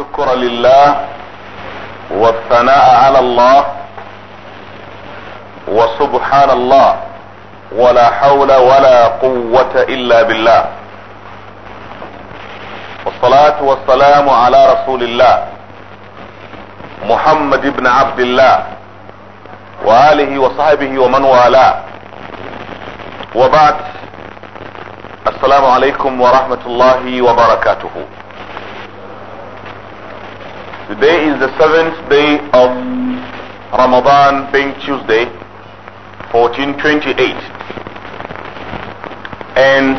الشكر لله والثناء على الله وسبحان الله ولا حول ولا قوة الا بالله والصلاة والسلام على رسول الله محمد بن عبد الله وآله وصحبه ومن والاه وبعد السلام عليكم ورحمة الله وبركاته Today is the seventh day of Ramadan, being Tuesday, 1428. And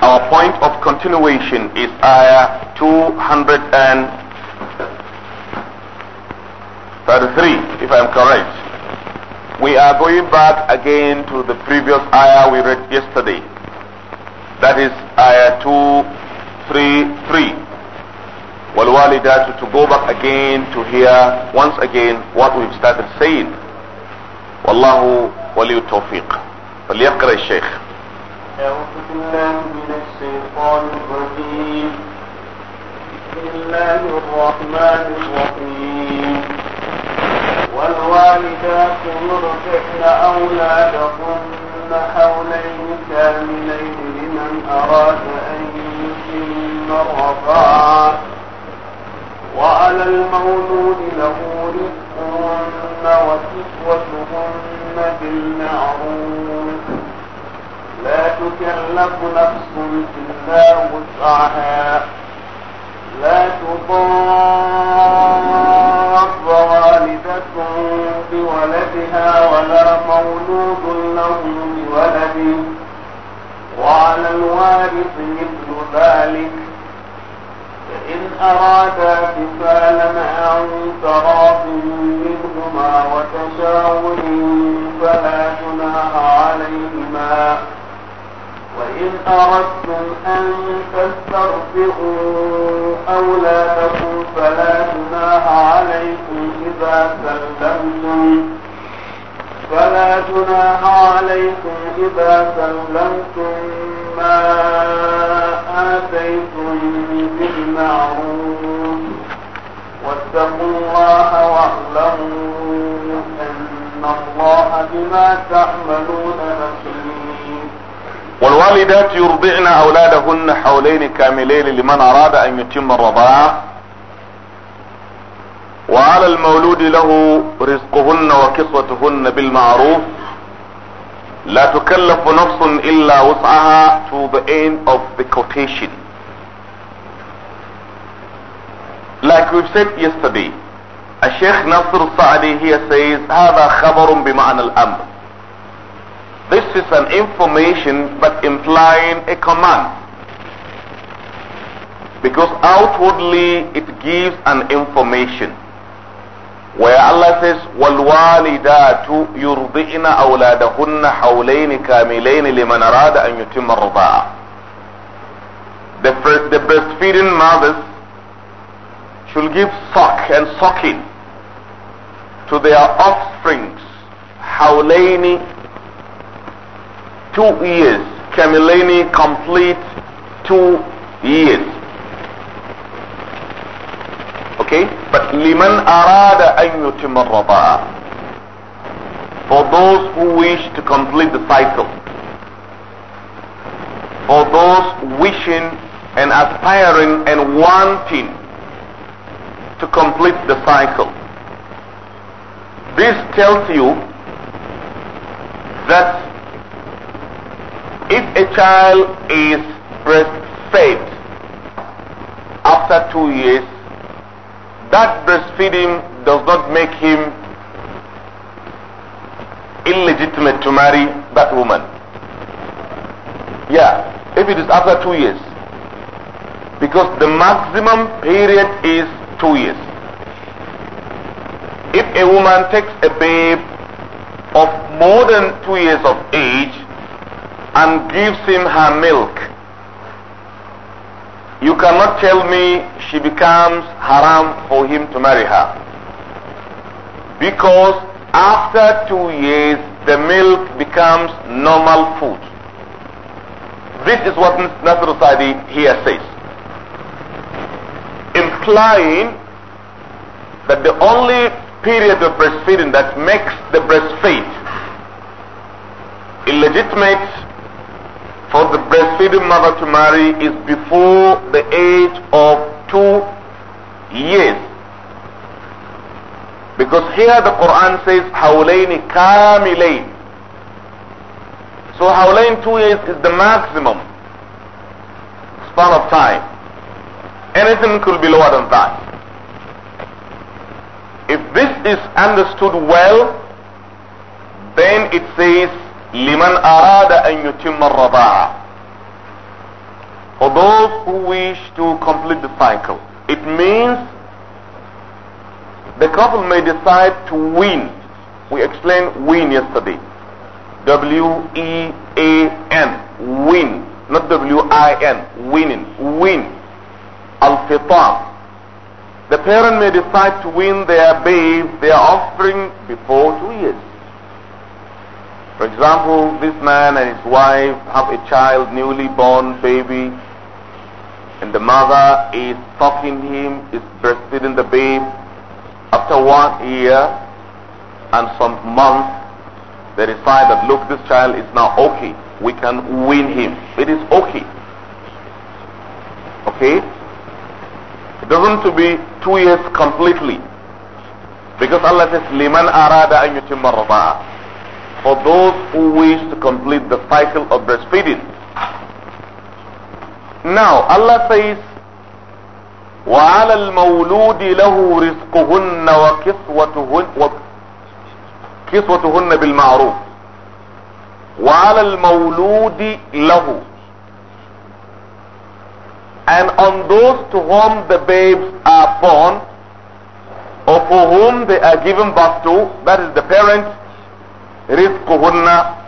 our point of continuation is Ayah 233, if I'm correct. We are going back again to the previous Ayah we read yesterday. That is Ayah 233. والوالدات to go back again to hear once again what we've started saying والله ولي التوفيق فليقرأ الشيخ أعوذ بالله من الشيطان الرجيم بسم الله الرحمن الرحيم والوالدات يرضعن أولادهن حولين كاملين لمن أراد أن يتم الرضاعة وعلى المولود له رزقهن وكسوتهن بالمعروف لا تكلف نفس إلا وسعها لا تضار والدة بولدها ولا مولود له بولده وعلى الوارث مثل ذلك فإن أرادا كفالا عن تراض منهما وتشاور فلا جناح عليهما وإن أردتم أن تسترفقوا أولادكم فلا جناح عليكم إذا سلمتم فلا جناح عليكم إذا سلمتم ما آتيتم بالمعروف واتقوا الله واعلموا أن الله بما تعملون بصير والوالدات يرضعن أولادهن حولين كاملين لمن أراد أن يتم الرضاعة وعلى المولود له رزقهن وكسوتهن بالمعروف لا تكلف نفس إلا وسعها to the end of the quotation like we've said yesterday الشيخ نصر السعدي here says هذا خبر بمعنى الأمر this is an information but implying a command because outwardly it gives an information waya Allah says wal walidatu yurdina auladahunna hawlaini kamilaini liman arada an yutimma rida'a the, the breastfeeding mothers should give suck and sucking to their offsprings hawlaini two years kamilaini complete two years Okay? But liman arada an yutimar For those who wish to complete the cycle. For those wishing and aspiring and wanting to complete the cycle. This tells you that if a child is breastfed after two years, that breastfeeding does not make him illegitimate to marry that woman. Yeah, if it is after two years. Because the maximum period is two years. If a woman takes a babe of more than two years of age and gives him her milk, you cannot tell me she becomes haram for him to marry her. Because after two years, the milk becomes normal food. This is what Nasr Sadi here says. Implying that the only period of breastfeeding that makes the breastfeed illegitimate for the breastfeeding mother to marry is before the age of two years. Because here the Quran says, Hawlaini Kamilain. So Hawlain two years is the maximum span of time. Anything could be lower than that. If this is understood well, then it says, liman arada an yutimma raba'a for those who wish to complete the cycle it means the couple may decide to win we explained win yesterday w e a n win not w i n winning win al-fitar the parent may decide to win their babe their offspring before 2 years for example, this man and his wife have a child, newly born baby, and the mother is sucking him, is breastfeeding the babe. After one year and some months, they decide that look, this child is now okay. We can win him. It is okay. Okay? It doesn't to be two years completely. Because Allah says, "Liman arada أَن for those who wish to complete the cycle of breastfeeding. Now Allah says, وعلى المولود له رزقهن وكسوتهن وكسوتهن بالمعروف وعلى المولود له and on those to whom the babes are born or for whom they are given birth to that is the parents rizquhunna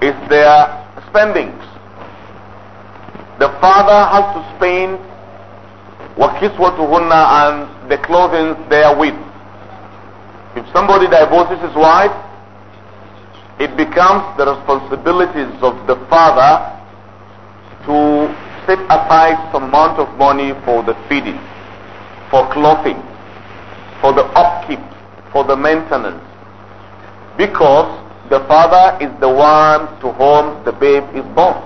is their spendings. The father has to spend wakiswatuhunna and the clothing they are with. If somebody divorces his wife, it becomes the responsibilities of the father to set aside some amount of money for the feeding, for clothing, for the upkeep, for the maintenance because the father is the one to whom the babe is born.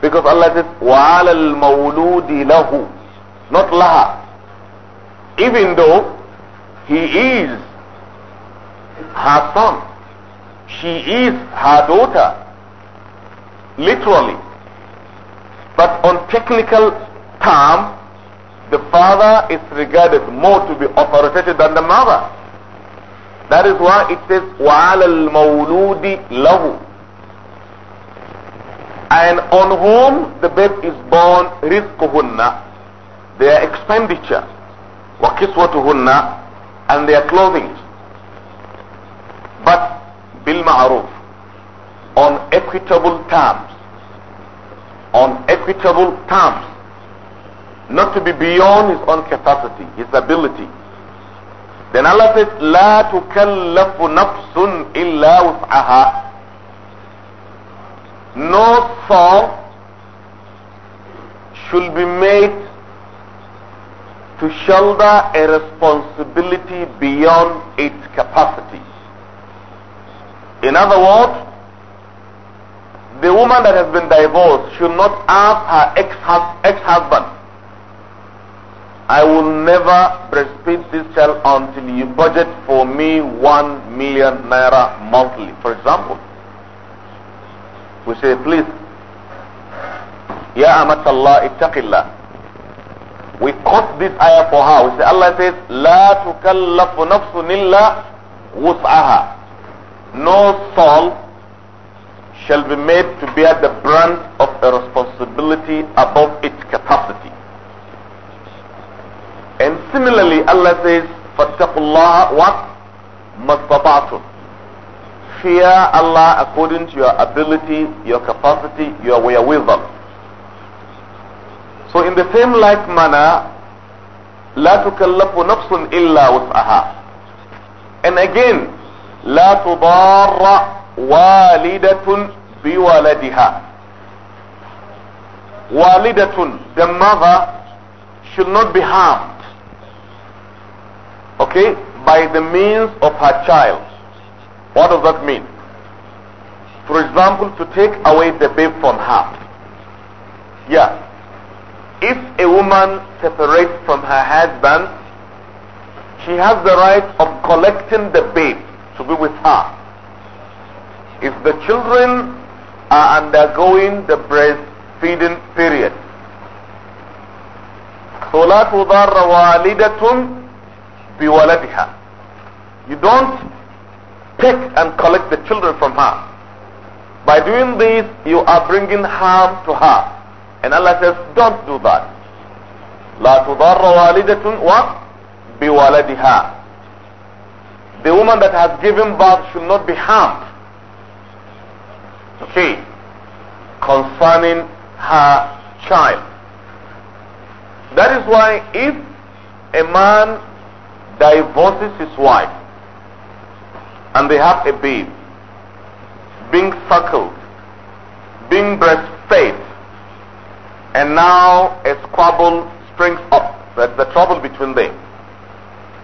Because Allah says, وَعَلَى الْمَوْلُودِ لَهُ Not laha. Even though he is her son. She is her daughter. Literally. But on technical term, the father is regarded more to be authoritative than the mother. That is why it says, وَعَلَى الْمَوْلُودِ لَهُ And on whom the babe is born, رِزْقُهُنَّ Their expenditure, وَكِسْوَتُهُنَّ And their clothing. But بِالْمَعْرُوفِ On equitable terms. On equitable terms. Not to be beyond his own capacity, his ability. Then Allah says, لا تكلف نفس إلا وسعها. No soul should be made to shoulder a responsibility beyond its capacity. In other words, the woman that has been divorced should not ask her ex-husband I will never breastfeed this child until you budget for me one million naira monthly, for example. We say, please, Ya Amat Allah, ittaqillah. We quote this ayah for her. We say, Allah says, La tukallafu nafsun illa wus'aha. No soul shall be made to bear the brunt of a responsibility above its capacity. And similarly, Allah says, فَاتَّقُوا اللَّهَ وَمَسْتَطَعْتُمْ Fear Allah according to your ability, your capacity, your wisdom." So in the same like manner, لا تكلف نفس إلا وسعها. And again, لا تضار والدة بولدها. والدة, the mother, should not be harmed okay, by the means of her child. What does that mean? For example, to take away the babe from her. Yeah. If a woman separates from her husband, she has the right of collecting the babe to be with her. If the children are undergoing the breastfeeding period, والدة بولدها you don't pick and collect the children from her by doing this you are bringing harm to her and Allah says don't do that لا تضر والدة بولدها the woman that has given birth should not be harmed okay concerning her child that is why if a man divorces his wife and they have a babe being suckled, being breastfed, and now a squabble springs up. That's the trouble between them.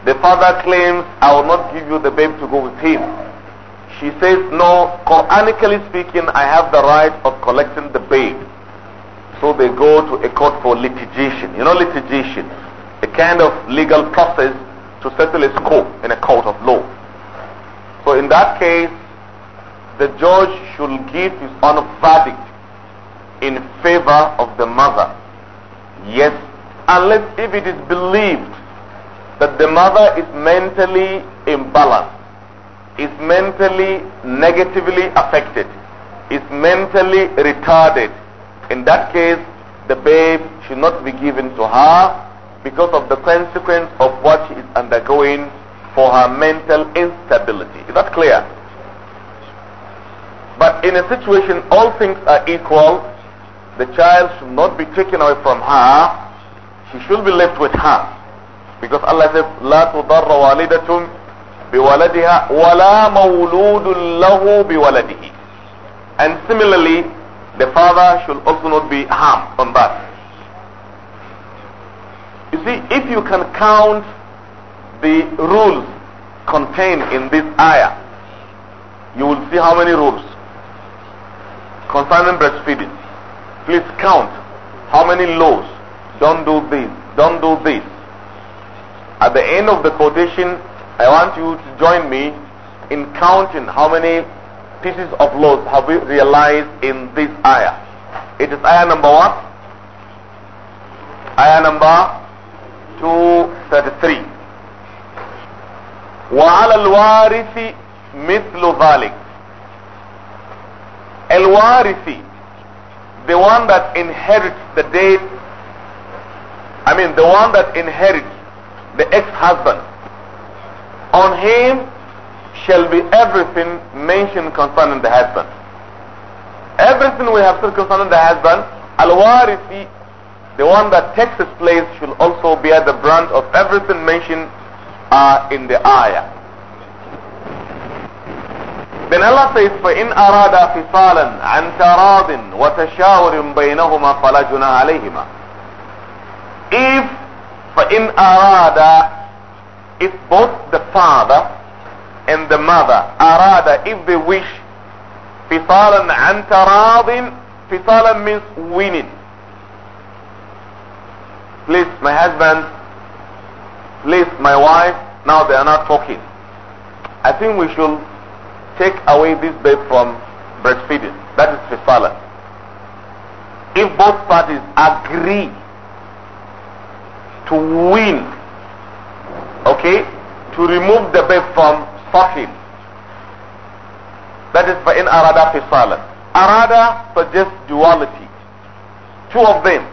The father claims, I will not give you the babe to go with him. She says, No, Quranically speaking, I have the right of collecting the babe. So they go to a court for litigation. You know, litigation, a kind of legal process to settle a score in a court of law. So in that case, the judge should give his own verdict in favor of the mother. Yes, unless if it is believed that the mother is mentally imbalanced, is mentally negatively affected, is mentally retarded. In that case, the babe should not be given to her because of the consequence of what she is undergoing for her mental instability. Is that clear? But in a situation all things are equal, the child should not be taken away from her. She should be left with her. Because Allah says, لا تضر والدة بولدها ولا مولود له بولده. And similarly, the father should also not be harmed on that. You see, if you can count the rules contained in this ayah, you will see how many rules concerning breastfeeding. Please count how many laws. Don't do this. Don't do this. At the end of the quotation, I want you to join me in counting how many pieces of laws have we realized in this ayah. It is ayah number one. Ayah number to 33 وعلى الوارث مثل ذلك الوارث the one that inherits the dead I mean the one that inherits the ex-husband on him shall be everything mentioned concerning the husband everything we have said concerning the husband al-warithi the one that takes its place should also bear the brunt of everything mentioned uh, in the ayah. Then Allah says, فَإِنْ أَرَادَ فِصَالًا عَنْ تَرَاضٍ وَتَشَاوُرٍ بَيْنَهُمَا فَلَا جُنَاهَ عَلَيْهِمَا If فَإِنْ أَرَادَ If both the father and the mother أَرَادَ If they wish فِصَالًا عَنْ تَرَاضٍ فِصَالًا means winning please my husband, please my wife, now they are not talking. I think we should take away this babe from breastfeeding. That is kifala. If both parties agree to win, okay, to remove the babe from sucking, that is in arada fisala. Arada suggests duality. Two of them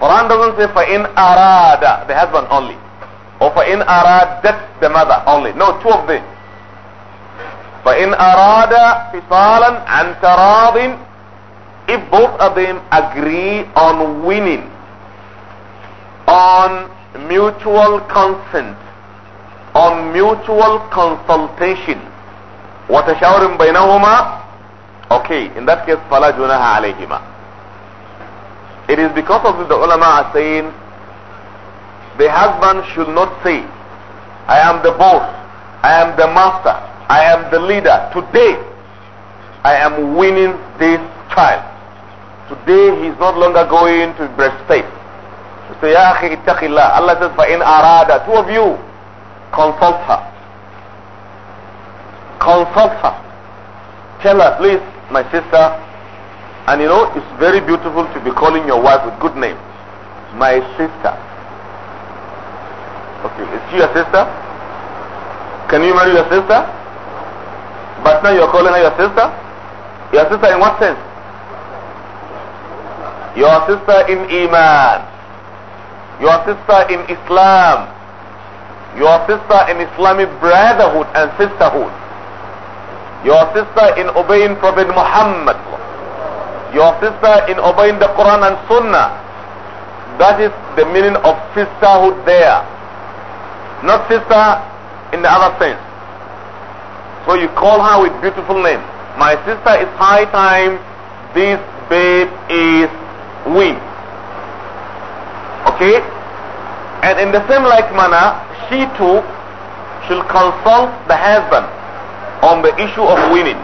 Quran doesn't say for in arada, the husband only. Or for in aradat, the mother only. No, two of them. For in arada fisalan and taradin, if both of them agree on winning, on mutual consent, on mutual consultation, وتشاور بينهما okay in that case فلا جناح عليهما it is because of this the ulama are saying the husband should not say, I am the boss, I am the master, I am the leader. Today, I am winning this child. Today, he is not longer going to breastfeed. So, Ya akhi, Allah says, in arada. Two of you, consult her. Consult her. Tell her, please, my sister, and you know, it's very beautiful to be calling your wife with good names. My sister. Okay, is she your sister? Can you marry your sister? But now you're calling her your sister? Your sister in what sense? Your sister in Iman. Your sister in Islam. Your sister in Islamic brotherhood and sisterhood. Your sister in obeying Prophet Muhammad your sister in obeying the Quran and Sunnah. That is the meaning of sisterhood there. Not sister in the other sense. So you call her with beautiful name. My sister is high time. This babe is we. Okay? And in the same like manner, she too should consult the husband on the issue of women.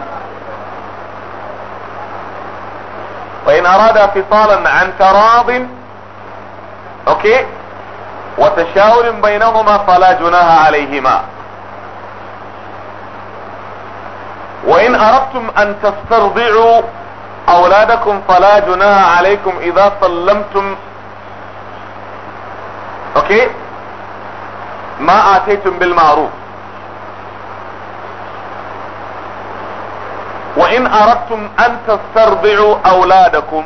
فان اراد فصالا عن تراض اوكي وتشاور بينهما فلا جناح عليهما وان اردتم ان تسترضعوا اولادكم فلا جناح عليكم اذا سلمتم اوكي ما اتيتم بالمعروف وإن أردتم أن تسترضعوا أولادكم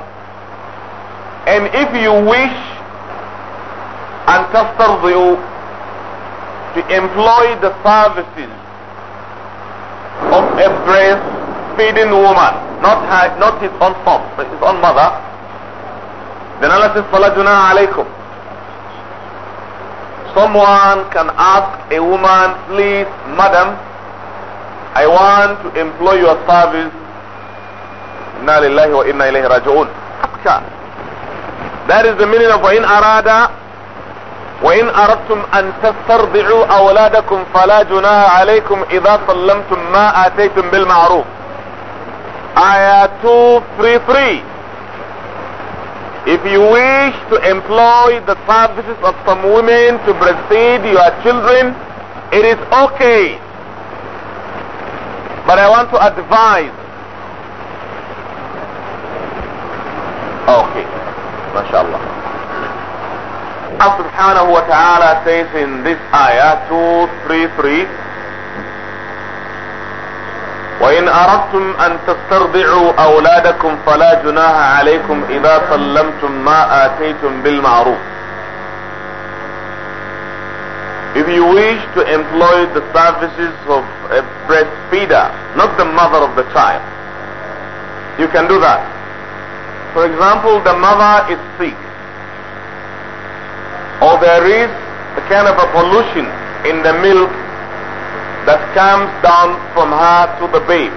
and if you wish أن تسترضعوا to employ the services of a breastfeeding woman not her, not his own mom but his own mother then Allah says فَلَا جُنَاهَ عَلَيْكُمْ someone can ask a woman please madam I want to employ your service. Inna lillahi wa inna ilayhi raji'un. That is the meaning of وَإِنْ arada." وإن أردتم أن تسترضعوا أولادكم فلا جناح عليكم إذا سلمتم ما آتيتم بالمعروف آية 233 If you wish to employ the services of some women to breastfeed your children, it is okay But I want to advise. Okay. MashaAllah. Allah subhanahu wa ta'ala says in this ayah 233 وإن أردتم أن تسترضعوا أولادكم فلا جُنَاهَ عليكم إذا صَلَّمْتُمْ ما آتيتم بالمعروف If you wish to employ the services of a breastfeeder, not the mother of the child, you can do that. For example, the mother is sick, or there is a kind of a pollution in the milk that comes down from her to the babe.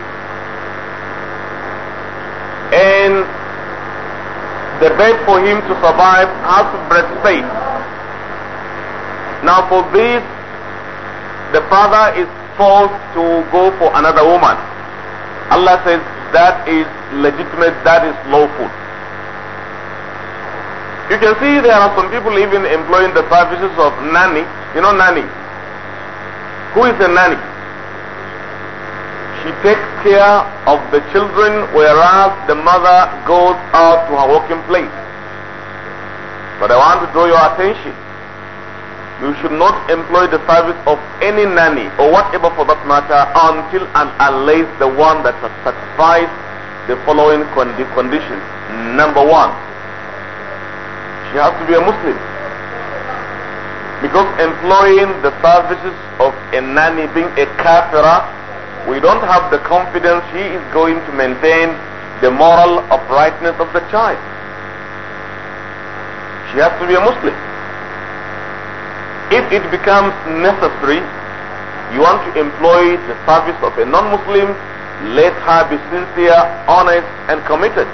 And the best for him to survive has to breastfeed. Now for this, the father is forced to go for another woman. Allah says that is legitimate, that is lawful. You can see there are some people even employing the services of nanny. You know nanny? Who is a nanny? She takes care of the children whereas the mother goes out to her working place. But I want to draw your attention you should not employ the service of any nanny or whatever for that matter until and unless the one that has satisfied the following condi conditions. Number one, she has to be a Muslim. Because employing the services of a nanny being a kafira, we don't have the confidence she is going to maintain the moral uprightness of the child. She has to be a Muslim. If it becomes necessary, you want to employ the service of a non-Muslim, let her be sincere, honest, and committed.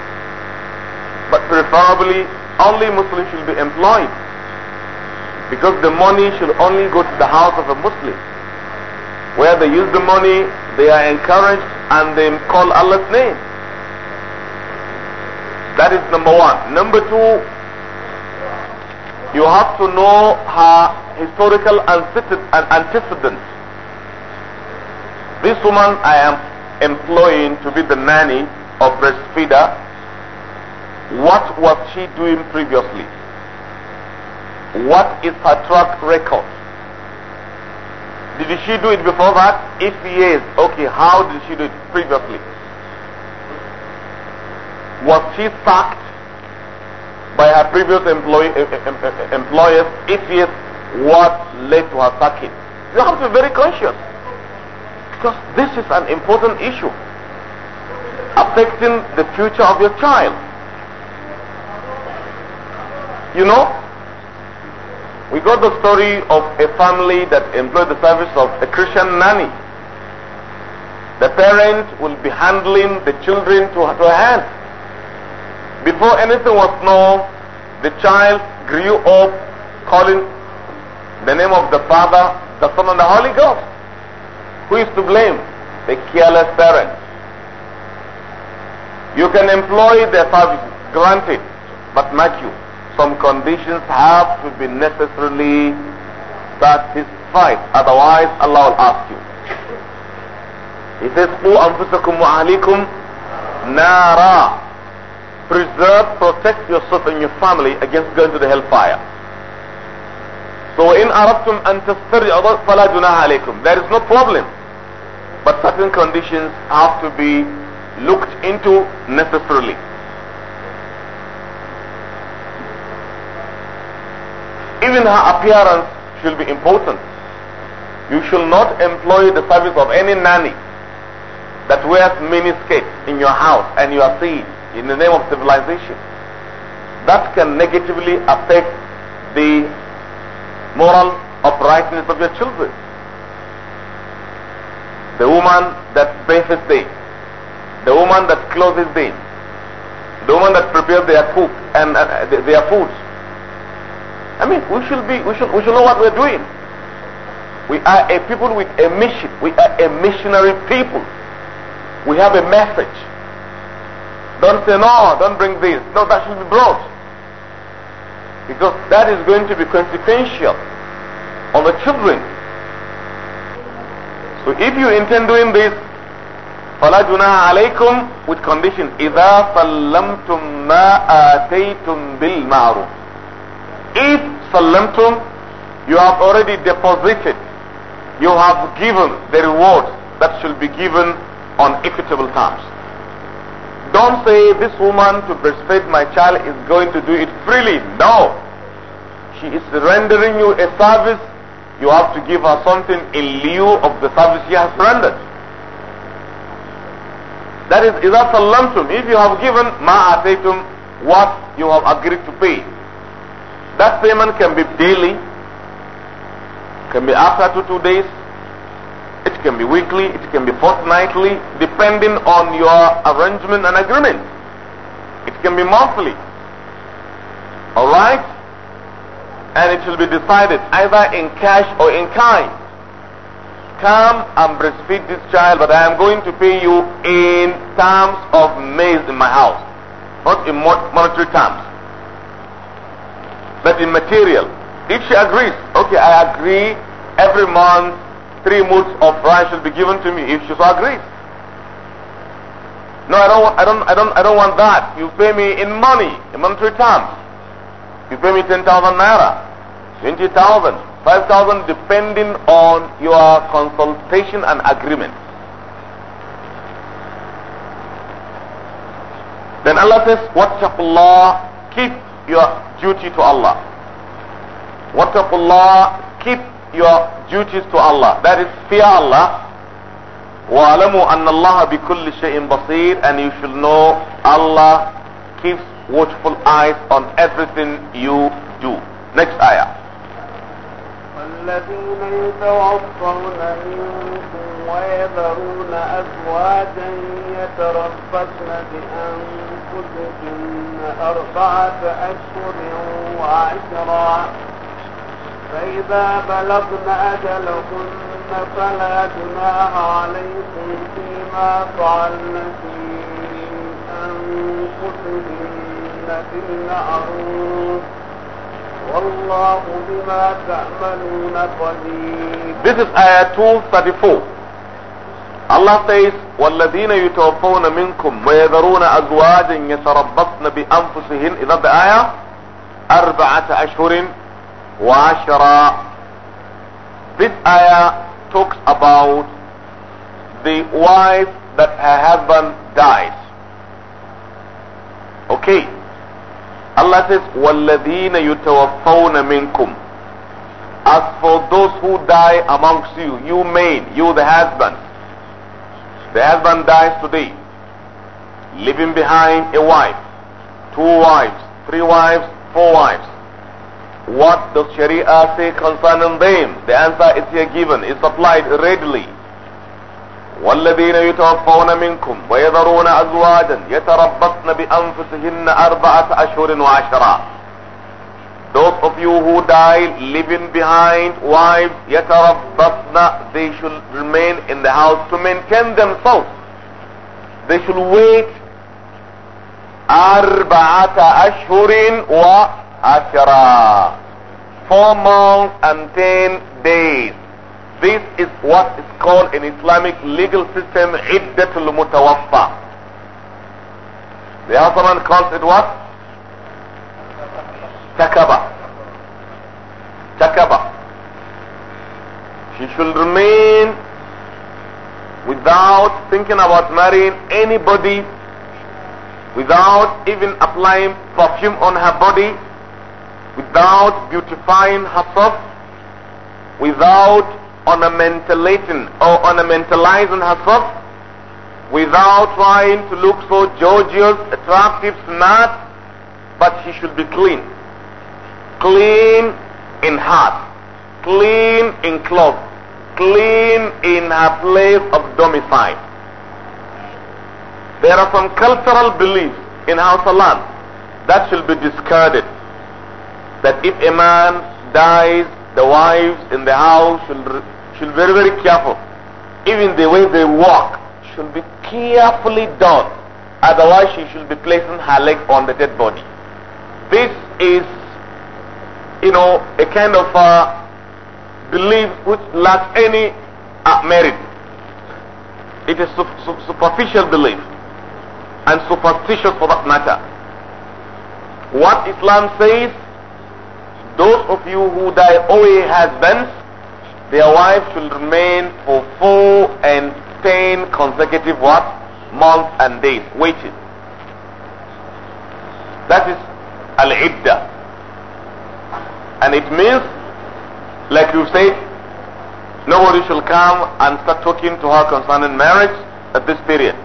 But preferably, only Muslims should be employed. Because the money should only go to the house of a Muslim. Where they use the money, they are encouraged and they call Allah's name. That is number one. Number two, you have to know her historical antecedents. This woman I am employing to be the nanny of breastfeeder. What was she doing previously? What is her track record? Did she do it before that? If yes, okay, how did she do it previously? Was she sacked by her previous employers? If yes, what led to her sacking. You have to be very conscious because this is an important issue affecting the future of your child. You know, we got the story of a family that employed the service of a Christian nanny. The parent will be handling the children to her, to her hand. Before anything was known, the child grew up calling the name of the Father, the Son and the Holy Ghost. Who is to blame? The careless parents. You can employ their services, granted, but not you, some conditions have to be necessarily satisfied, otherwise Allah will ask you. He says, "Qu anfusakum wa nara." Preserve, protect yourself and your family against going to the hellfire. So in aradtum an tastari'u fala junaha alaykum. There is no problem. But certain conditions have to be looked into necessarily. Even her appearance should be important. You should not employ the service of any nanny that wears miniskirt in your house and you are seen in the name of civilization. That can negatively affect the moral uprightness of your children. The woman that bathes them, the woman that clothes them, the woman that prepares their food and, uh, their foods. I mean, we should be, we should, we should know what we're doing. We are a people with a mission. We are a missionary people. We have a message. Don't say no, don't bring this. No, that should be brought because that is going to be consequential on the children. So if you intend doing this, فلا عليكم with condition إذا سلمتم ما آتيتم بالمعروف if سلمتم you have already deposited you have given the reward that should be given on equitable terms don't say this woman to breastfeed my child is going to do it freely. No. She is rendering you a service. You have to give her something in lieu of the service she has rendered. That lump sum? If you have given ما what you have agreed to pay. That payment can be daily, can be after two, two days, can be weekly, it can be fortnightly, depending on your arrangement and agreement. It can be monthly. Alright? And it will be decided either in cash or in kind. Come and breastfeed this child, but I am going to pay you in terms of maize in my house, not in monetary terms, but in material. If she agrees, okay, I agree every month three moods of rice should be given to me if she so agrees. No, I don't, I don't, I don't, I don't want that. You pay me in money, in monetary terms. You pay me 10,000 naira, 20,000, 5,000 depending on your consultation and agreement. Then Allah says, Allah, keep your duty to Allah. Allah, keep your duties to Allah. That is fear Allah. وَعَلَمُوا أَنَّ اللَّهَ بِكُلِّ شَيْءٍ بَصِيرٍ And you should know Allah keeps watchful eyes on everything you do. Next ayah. والذين يتوفون منكم ويذرون أزواجا يتربصن بأنفسهن أربعة أشهر وعشرا فإذا بلغن أجلهن فلا جناح عليكم فيما فعلن في أنفسهن بالمعروف والله بما تعملون قدير This is Ayah 234 Allah says, وَالَّذِينَ يُتَوَفَّوْنَ مِنْكُمْ وَيَذَرُونَ أَزْوَاجًا يَتَرَبَّصْنَ بِأَنفُسِهِنْ إذا that ayah? أَرْبَعَةَ أَشْهُرٍ وعشرة This ayah talks about the wife that her husband dies. Okay. Allah says, وَالَّذِينَ يُتَوَفَّوْنَ مِنْكُمْ As for those who die amongst you, you maid, you the husband. The husband dies today, leaving behind a wife, two wives, three wives, four wives. What does Sharia say concerning them? The answer is here given, it's applied readily. والذين يتوفون منكم ويذرون أزواجا يتربصن بأنفسهن أربعة أشهر وعشرة Those of you who die living behind wives يتربصن they should remain in the house to maintain themselves. They should wait أربعة أشهر وعشرة ashara. Four months and ten days. This is what is called in Islamic legal system iddatul mutawaffa. The Ottoman calls it what? Takaba. Takaba. She should remain without thinking about marrying anybody, without even applying perfume on her body, without beautifying herself, without ornamentating or ornamentalizing herself, without trying to look so gorgeous, attractive, smart, but she should be clean. Clean in heart, clean in clothes, clean in her place of domicile. There are some cultural beliefs in our salon that should be discarded that if a man dies, the wives in the house should, should be very, very careful. Even the way they walk should be carefully done. Otherwise, she should be placing her leg on the dead body. This is, you know, a kind of uh, belief which lacks any uh, merit. It is su su superficial belief and superstitious for that matter. What Islam says those of you who die away husbands, their wives should remain for four and ten consecutive what? Months and days, waiting. That is al-idda. And it means, like you said, nobody shall come and start talking to her concerning marriage at this period.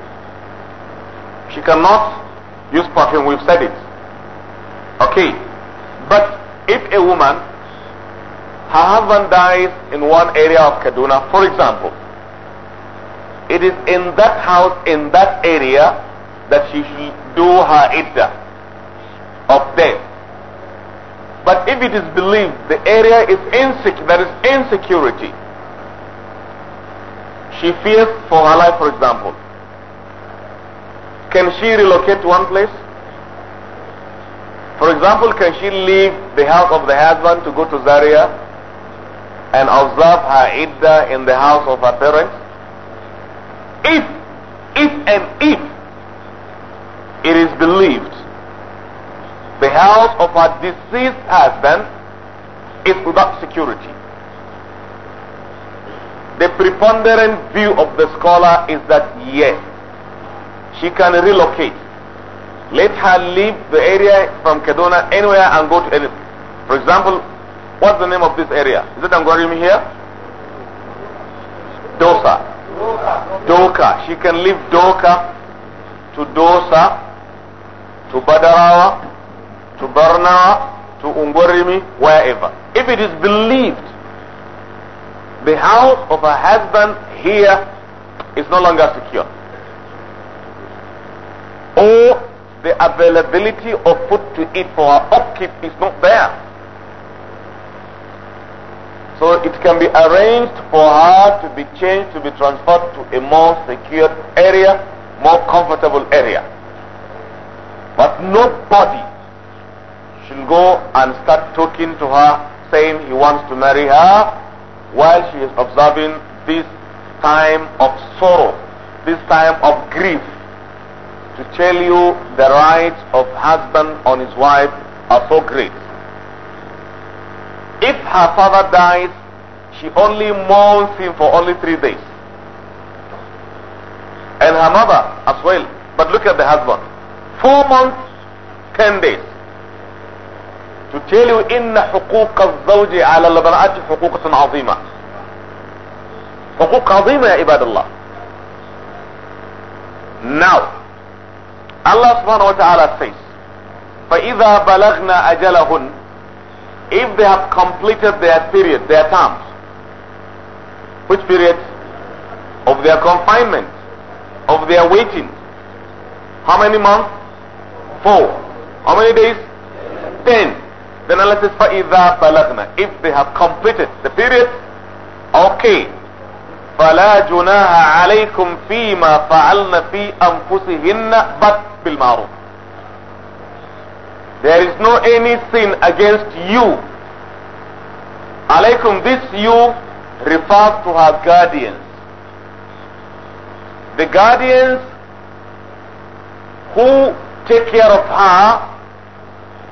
She cannot use perfume, we've said it. Okay. But if a woman, her husband dies in one area of Kaduna, for example, it is in that house, in that area, that she should do her iddah of death. But if it is believed the area is insecure, that is insecurity, she fears for her life, for example, can she relocate to one place? For example, can she leave the house of the husband to go to Zaria and observe her idda in the house of her parents? If, if and if it is believed the house of her deceased husband is without security. The preponderant view of the scholar is that yes, she can relocate let her leave the area from Kaduna anywhere and go to any. For example, what's the name of this area? Is it Angorium here? Dosa. Doka. She can leave Doka to Dosa, to Badarawa, to Barnawa, to Ungwarimi, wherever. If it is believed, the house of her husband here is no longer secure. Or the availability of food to eat for our upkeep is not there. So it can be arranged for her to be changed, to be transferred to a more secure area, more comfortable area. But nobody should go and start talking to her saying he wants to marry her while she is observing this time of sorrow, this time of grief, to tell you the rights of husband on his wife are so great. If her father dies, she only mourns him for only three days. And her mother as well. But look at the husband. Four months, ten days. To tell you, إن حقوق الزوج على المرأة حقوق عظيمة. حقوق عظيمة يا عباد الله. Now, Allah subhanahu wa ta'ala says, فَإِذَا بَلَغْنَا أَجَلَهُنْ If they have completed their period, their terms, which period? Of their confinement, of their waiting. How many months? Four. How many days? Ten. Then Allah says, فَإِذَا بَلَغْنَا If they have completed the period, okay, فلا جناح عليكم فيما فعلنا في أنفسهن بط بالمعروف there is no any sin against you عليكم this you refers to her guardians the guardians who take care of her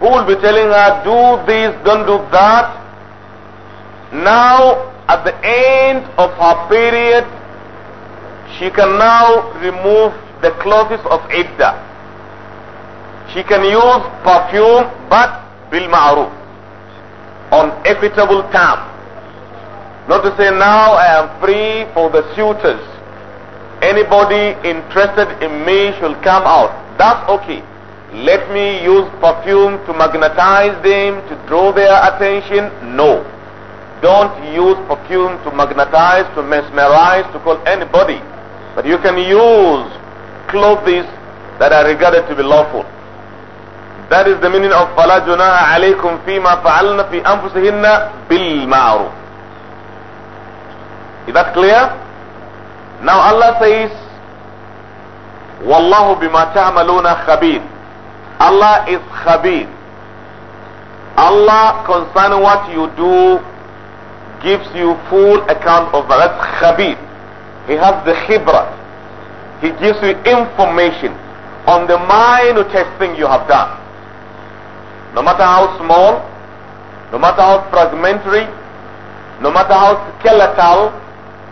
who will be telling her do this don't do that now at the end of her period, she can now remove the clothes of iddah. She can use perfume, but bil ma'ruf, on equitable terms. Not to say now I am free for the suitors. Anybody interested in me should come out. That's okay. Let me use perfume to magnetize them, to draw their attention. No. Don't use perfume to magnetize, to mesmerize, to call anybody. But you can use clothes that are regarded to be lawful. That is the meaning of فَلَا جُنَاهَ عَلَيْكُمْ فِي مَا فَعَلْنَ فِي أَنفُسِهِنَّ بِالْمَعْرُوفِ Is that clear? Now Allah says, وَاللَّهُ بِمَا تَعْمَلُونَ خَبِيرٌ Allah is khabir. Allah concerning what you do gives you full account of that. That's khabir. He has the khibra. He gives you information on the minutest thing you have done. No matter how small, no matter how fragmentary, no matter how skeletal,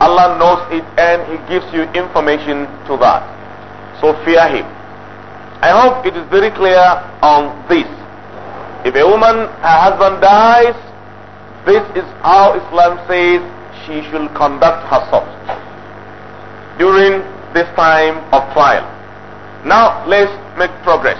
Allah knows it and He gives you information to that. So fear Him. I hope it is very clear on this. If a woman, her husband dies, this is how Islam says she should conduct herself during this time of trial. Now let's make progress.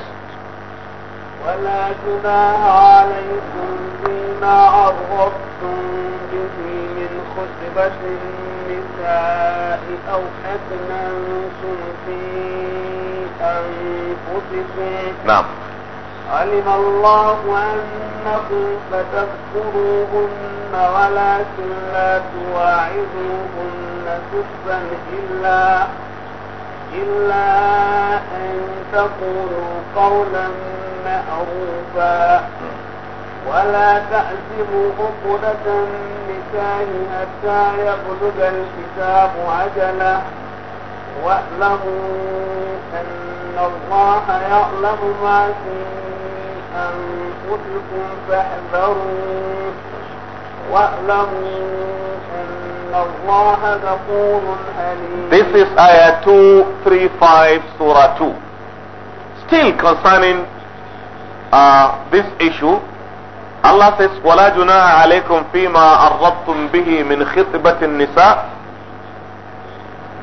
Now. علم الله أنكم فتذكروهن ولكن لا تواعظوهن كفا إلا إلا أن تقولوا قولا معروفا ولا تأزموا عقدة النكاح حتى يبلغ الكتاب أجله واعلموا أن الله يعلم ما في أنفسكم فاحذروا واعلموا أن الله غفور حليم This is Ayah 235 Surah 2 Still concerning uh, this issue Allah says ولا جناح عليكم فيما عرضتم به من خطبة النساء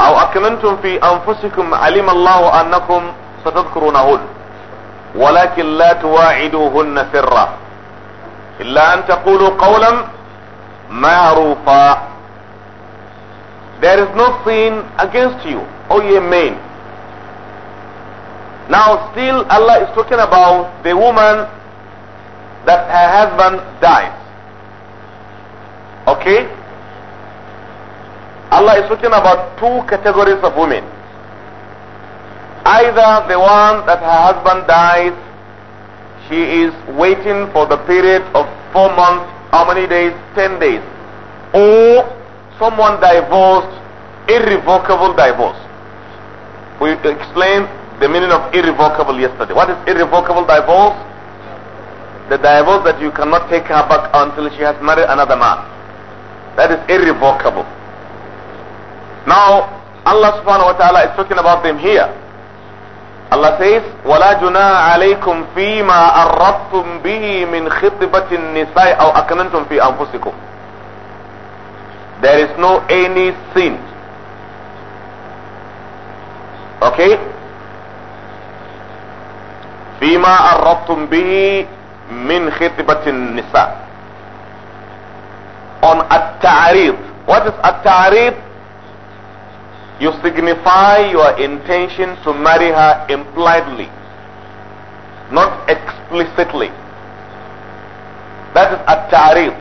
او اكننتم في انفسكم علم الله انكم ستذكرونهن ولكن لا تواعدوهن سرا الا ان تقولوا قولا معروفا there is no sin against you O ye men now still Allah is talking about the woman that her husband died okay Allah is talking about two categories of women. Either the one that her husband dies, she is waiting for the period of four months, how many days? Ten days. Or someone divorced, irrevocable divorce. We explained the meaning of irrevocable yesterday. What is irrevocable divorce? The divorce that you cannot take her back until she has married another man. That is irrevocable. Now, Allah subhanahu wa ta'ala is talking about them here. Allah says, وَلَا جُنَاهَ عَلَيْكُمْ فِي مَا أَرَّبْتُمْ بِهِ مِنْ خِطِبَةِ النِّسَاءِ أَوْ أَكْنَنْتُمْ فِي أَنفُسِكُمْ There is no any sin. Okay? فِي مَا أَرَّبْتُمْ بِهِ مِنْ خِطِبَةِ النِّسَاءِ On التعريض. What is التعريض? you signify your intention to marry her impliedly, not explicitly. That is a tarif.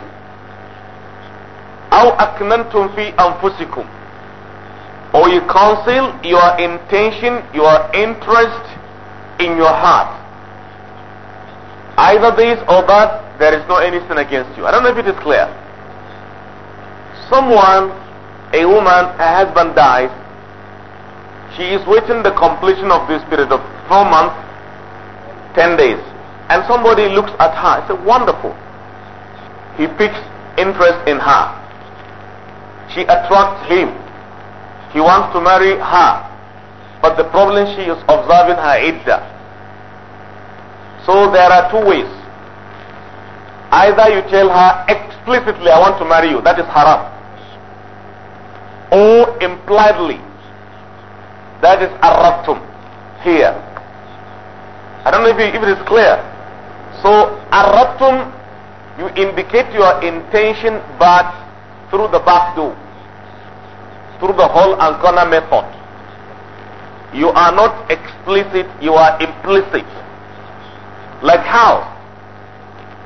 أو أكننتم في أنفسكم or you counsel your intention, your interest in your heart. Either this or that, there is no any sin against you. I don't know if it is clear. Someone, a woman, her husband dies, she is waiting the completion of this period of four months, ten days. And somebody looks at her and says, wonderful. He picks interest in her. She attracts him. He wants to marry her. But the problem she is observing her iddah. So there are two ways. Either you tell her explicitly, I want to marry you. That is haram. Or impliedly, that is arrabtum here. I don't know if, you, if it is clear. So arrabtum, you indicate your intention but through the back door, through the hole and corner method. You are not explicit, you are implicit. Like how?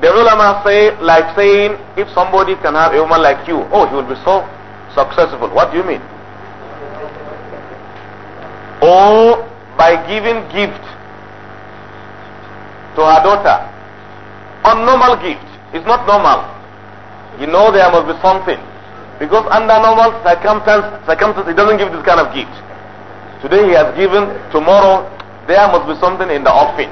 The ulama say, like saying, if somebody can have a woman like you, oh, he will be so successful. What do you mean? or by giving gift to her daughter. normal gift. It's not normal. You know there must be something. Because under normal circumstances, circumstance, he doesn't give this kind of gift. Today he has given, tomorrow there must be something in the offering.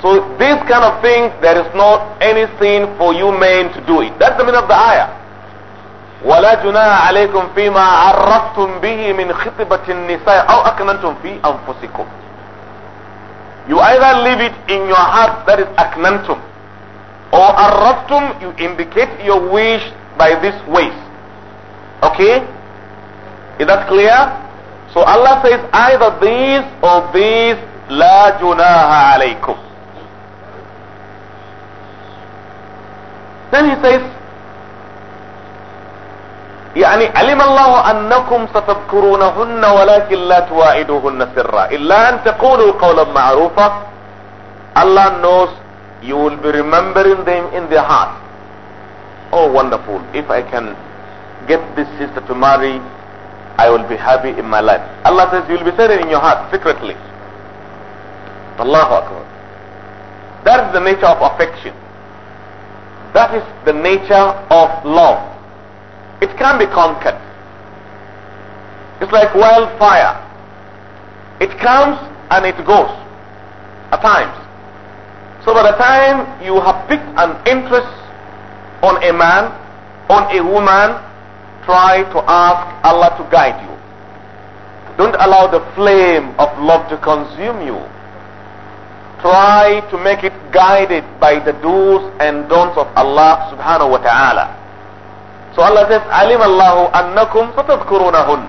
So these kind of things, there is not anything for you men to do it. That's the meaning of the ayah. ولا جناح عليكم فيما عرفتم به من خطبة النساء أو أكننتم في أنفسكم You either leave it in your heart that is aknantum or عرّفتم. you indicate your wish by this ways. Okay? Is that clear? So Allah says either these or these لا junaha عليكم. Then he says يعني علم الله انكم ستذكرونهن ولكن لا تواعدوهن سرا الا ان تقولوا قولا معروفا Allah knows you will be remembering them in their heart. Oh wonderful, if I can get this sister to marry, I will be happy in my life. Allah says you will be saying in your heart secretly. Allahu Akbar. That is the nature of affection. That is the nature of love. It can be conquered. It's like wildfire. It comes and it goes at times. So by the time you have picked an interest on a man, on a woman, try to ask Allah to guide you. Don't allow the flame of love to consume you. Try to make it guided by the do's and don'ts of Allah subhanahu wa ta'ala. So Allah says, Alim Allahu annakum fatadkurunahun.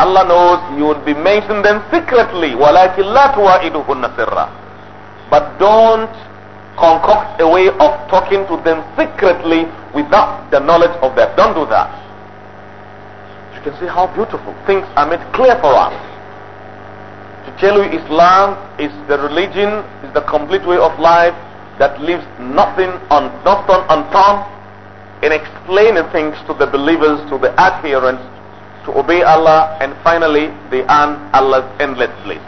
Allah knows you would be mentioning them secretly. وَلَكِنْ لَا تُوَائِدُهُنَّ سِرًّا But don't concoct a way of talking to them secretly without the knowledge of that. Don't do that. You can see how beautiful things are made clear for us. To tell you Islam is the religion, is the complete way of life that leaves nothing on nothing in explaining things to the believers, to the adherents, to obey Allah, and finally they earn Allah's endless bliss.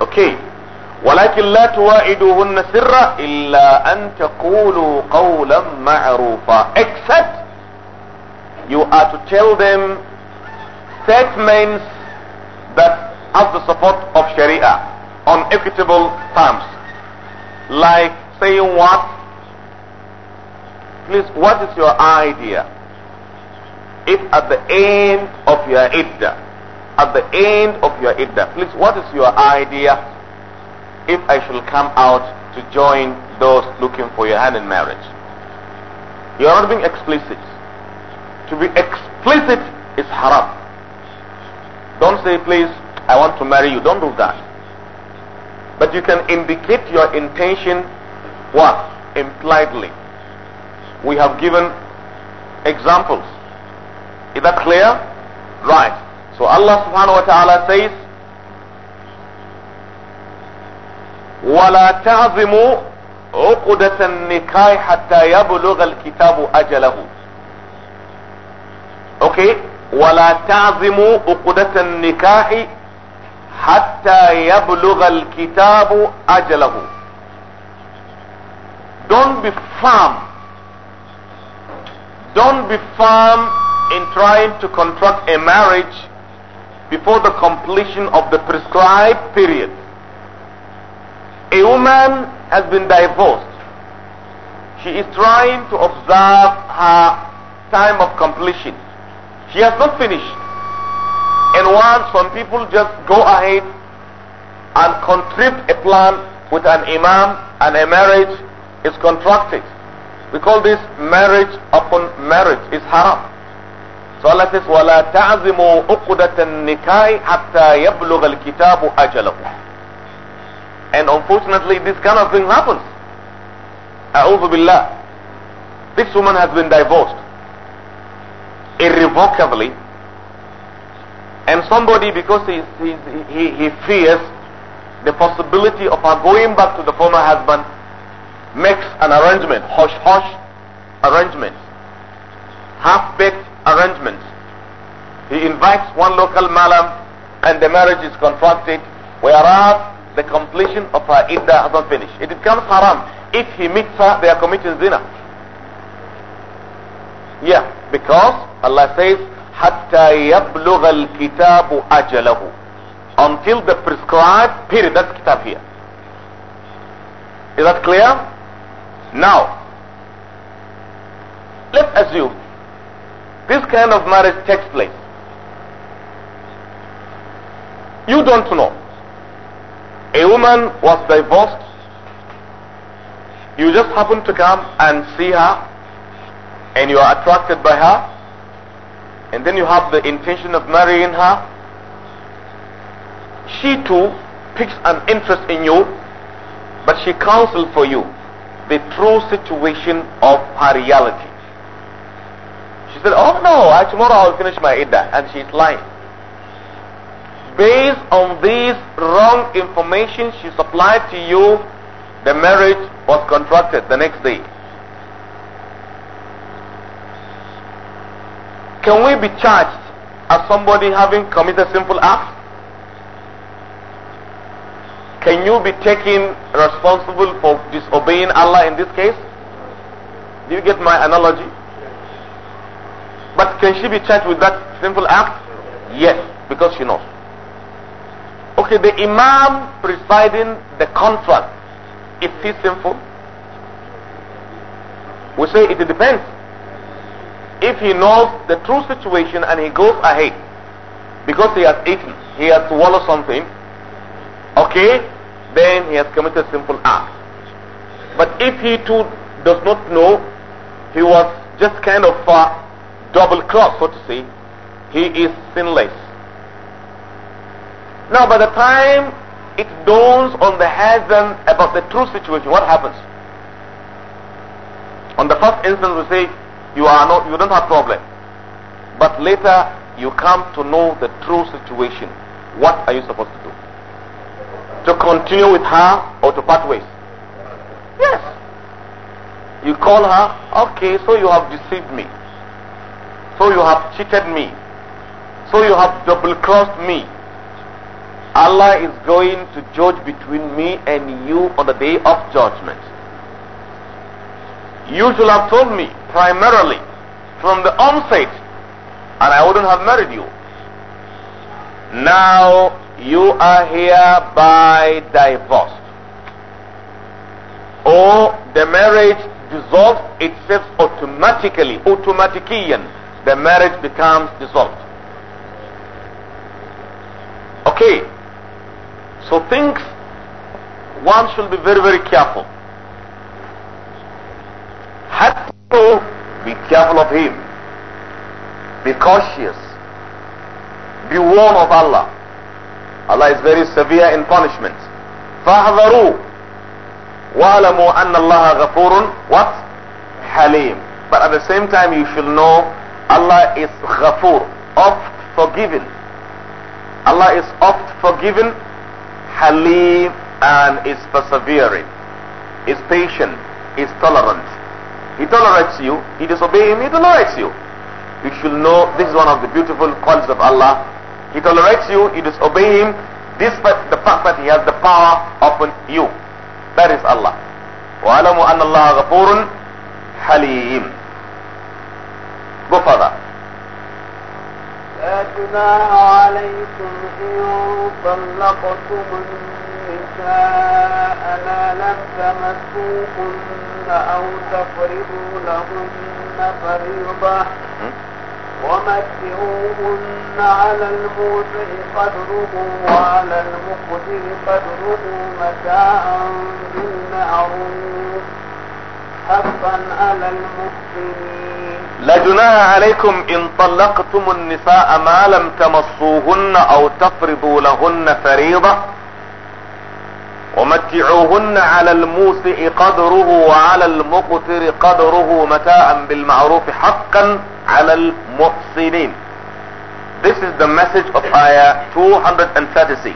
Okay. ولكن لا تواعدوهن سرا إلا أن تقولوا قولا معروفا except you are to tell them statements that have the support of Sharia on equitable terms like saying what Please, what is your idea? If at the end of your ida, at the end of your ida, please, what is your idea? If I shall come out to join those looking for your hand in marriage. You are not being explicit. To be explicit is haram. Don't say, please, I want to marry you. Don't do that. But you can indicate your intention, what? Impliedly. We have given examples. Is that clear? Right. So Allah subhanahu wa ta'ala says, وَلَا تَعْظِمُوا عُقُدَةَ النِّكَاحِ حَتَّى يَبْلُغَ الْكِتَابُ أَجَلَهُ Okay? وَلَا تَعْظِمُوا عُقُدَةَ حَتَّى يَبْلُغَ الْكِتَابُ أَجَلَهُ Don't be firm Don't be firm in trying to contract a marriage before the completion of the prescribed period. A woman has been divorced. She is trying to observe her time of completion. She has not finished. And once some people just go ahead and contrive a plan with an imam and a marriage is contracted. We call this marriage upon marriage. It's haram. So Allah says, وَلَا تَعْزِمُوا أُقْدَةَ النِّكَاءِ حَتَّى يَبْلُغَ الْكِتَابُ أَجَلَهُ And unfortunately, this kind of thing happens. A'udhu billah. This woman has been divorced irrevocably and somebody because he, he, he, he fears the possibility of her going back to the former husband makes an arrangement, hush hush arrangements, half-baked arrangements. He invites one local malam and the marriage is contracted, whereas the completion of her iddah has not finished. It becomes haram. If he meets her, they are committing zina. Yeah, because Allah says, حَتَّى يَبْلُغَ الْكِتَابُ أَجَلَهُ Until the prescribed period, that's kitab here. Is that clear? Now, let's assume this kind of marriage takes place. You don't know. A woman was divorced. You just happen to come and see her and you are attracted by her and then you have the intention of marrying her. She too picks an interest in you but she counsels for you the true situation of her reality. She said, oh no, I, tomorrow I'll finish my iddah. And she's lying. Based on this wrong information she supplied to you, the marriage was contracted the next day. Can we be charged as somebody having committed a sinful act? Can you be taken responsible for disobeying Allah in this case? Do you get my analogy? But can she be charged with that simple act? Yes, because she knows. Okay, the Imam presiding the contract, is he sinful? We say it depends. If he knows the true situation and he goes ahead because he has eaten, he has swallowed something, okay, then he has committed simple act. But if he too does not know, he was just kind of uh, double crossed, so to say, he is sinless. Now, by the time it dawns on the husband about the true situation, what happens? On the first instance, we say you are not, you don't have problem. But later, you come to know the true situation. What are you supposed to do? to continue with her or to part ways? Yes. You call her, okay, so you have deceived me. So you have cheated me. So you have double crossed me. Allah is going to judge between me and you on the day of judgment. You should have told me primarily from the onset and I wouldn't have married you. Now you are hereby divorced. Or the marriage dissolves itself automatically, automatikian. The marriage becomes dissolved. Okay. So things, one should be very, very careful. Have to be careful of him. Be cautious. Be warned of Allah Allah is very severe in punishment. فَاحْذَرُوا وَاعْلَمُوا أَنَّ اللَّهَ غَفُورٌ What? Halim. But at the same time you should know Allah is غَفُور, oft forgiven. Allah is oft forgiven, Halim and is persevering, is patient, is tolerant. He tolerates you, he disobeys him, he tolerates you. You should know this is one of the beautiful qualities of Allah He tolerates you, you disobey him, despite the fact that he has the power upon you. That is Allah. وَعَلَمُوا أَنَّ اللَّهَ غَفُورٌ حَلِيمٌ Go further. لا جناح عليكم إن طلقتم النساء ما لم تمسوهن أو تفرضوا لهن فريضة hmm? ومتعوهن على الموسع قدره وعلى المقدر قدره متاعا بالمعروف حقا على المحسنين لا جناح عليكم ان طلقتم النساء ما لم تمصوهن او تفرضوا لهن فريضه ومتعوهن على الموسع قدره وعلى المقتر قدره متاعا بالمعروف حقا على المحسنين This is the message of ayah 236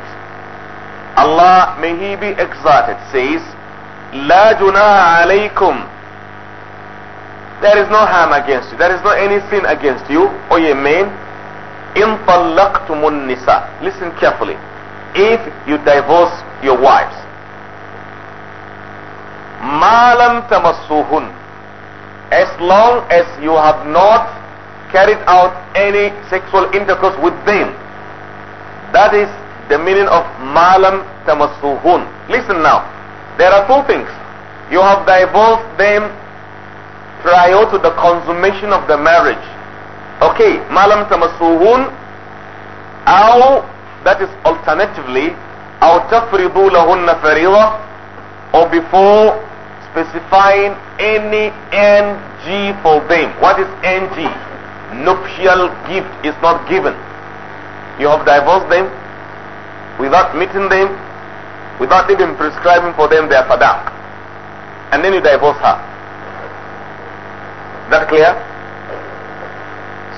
Allah may he be exalted says لا جناح عليكم There is no harm against you. There is no any sin against you O ye men. إن طلقتم النساء Listen carefully. If you divorce your wives, malam tamassuhun as long as you have not carried out any sexual intercourse with them that is the meaning of malam tamassuhun listen now there are two things you have divorced them prior to the consummation of the marriage okay malam tamassuhun aw that is alternatively aw tafridu lahunna fariḍa or before specifying any NG for them. What is NG? Nuptial gift is not given. You have divorced them without meeting them, without even prescribing for them their fadak. And then you divorce her. That clear?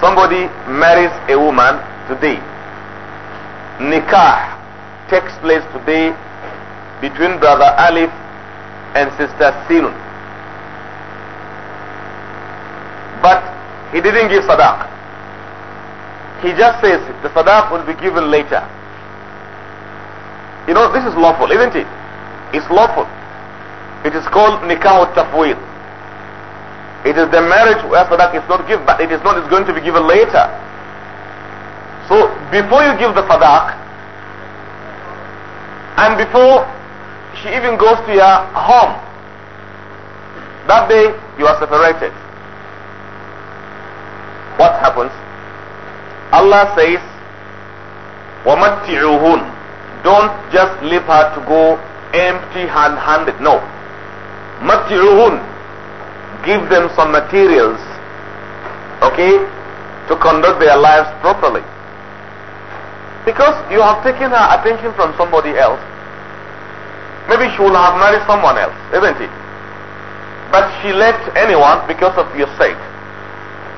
Somebody marries a woman today. Nikah takes place today between brother Alif and Sister Silm. But he didn't give sadaq. He just says the sadaq will be given later. You know, this is lawful, isn't it? It's lawful. It is called nikah tafwid. It is the marriage where sadaq is not given, but it is not, it's going to be given later. So before you give the sadaq, and before she even goes to your home. That day you are separated. What happens? Allah says, وَمَتِّعُهُنْ Don't just leave her to go empty hand-handed. No. مَتِّعُهُنْ Give them some materials, okay, to conduct their lives properly. Because you have taken her attention from somebody else Maybe she would have married someone else, isn't it? But she left anyone because of your sake.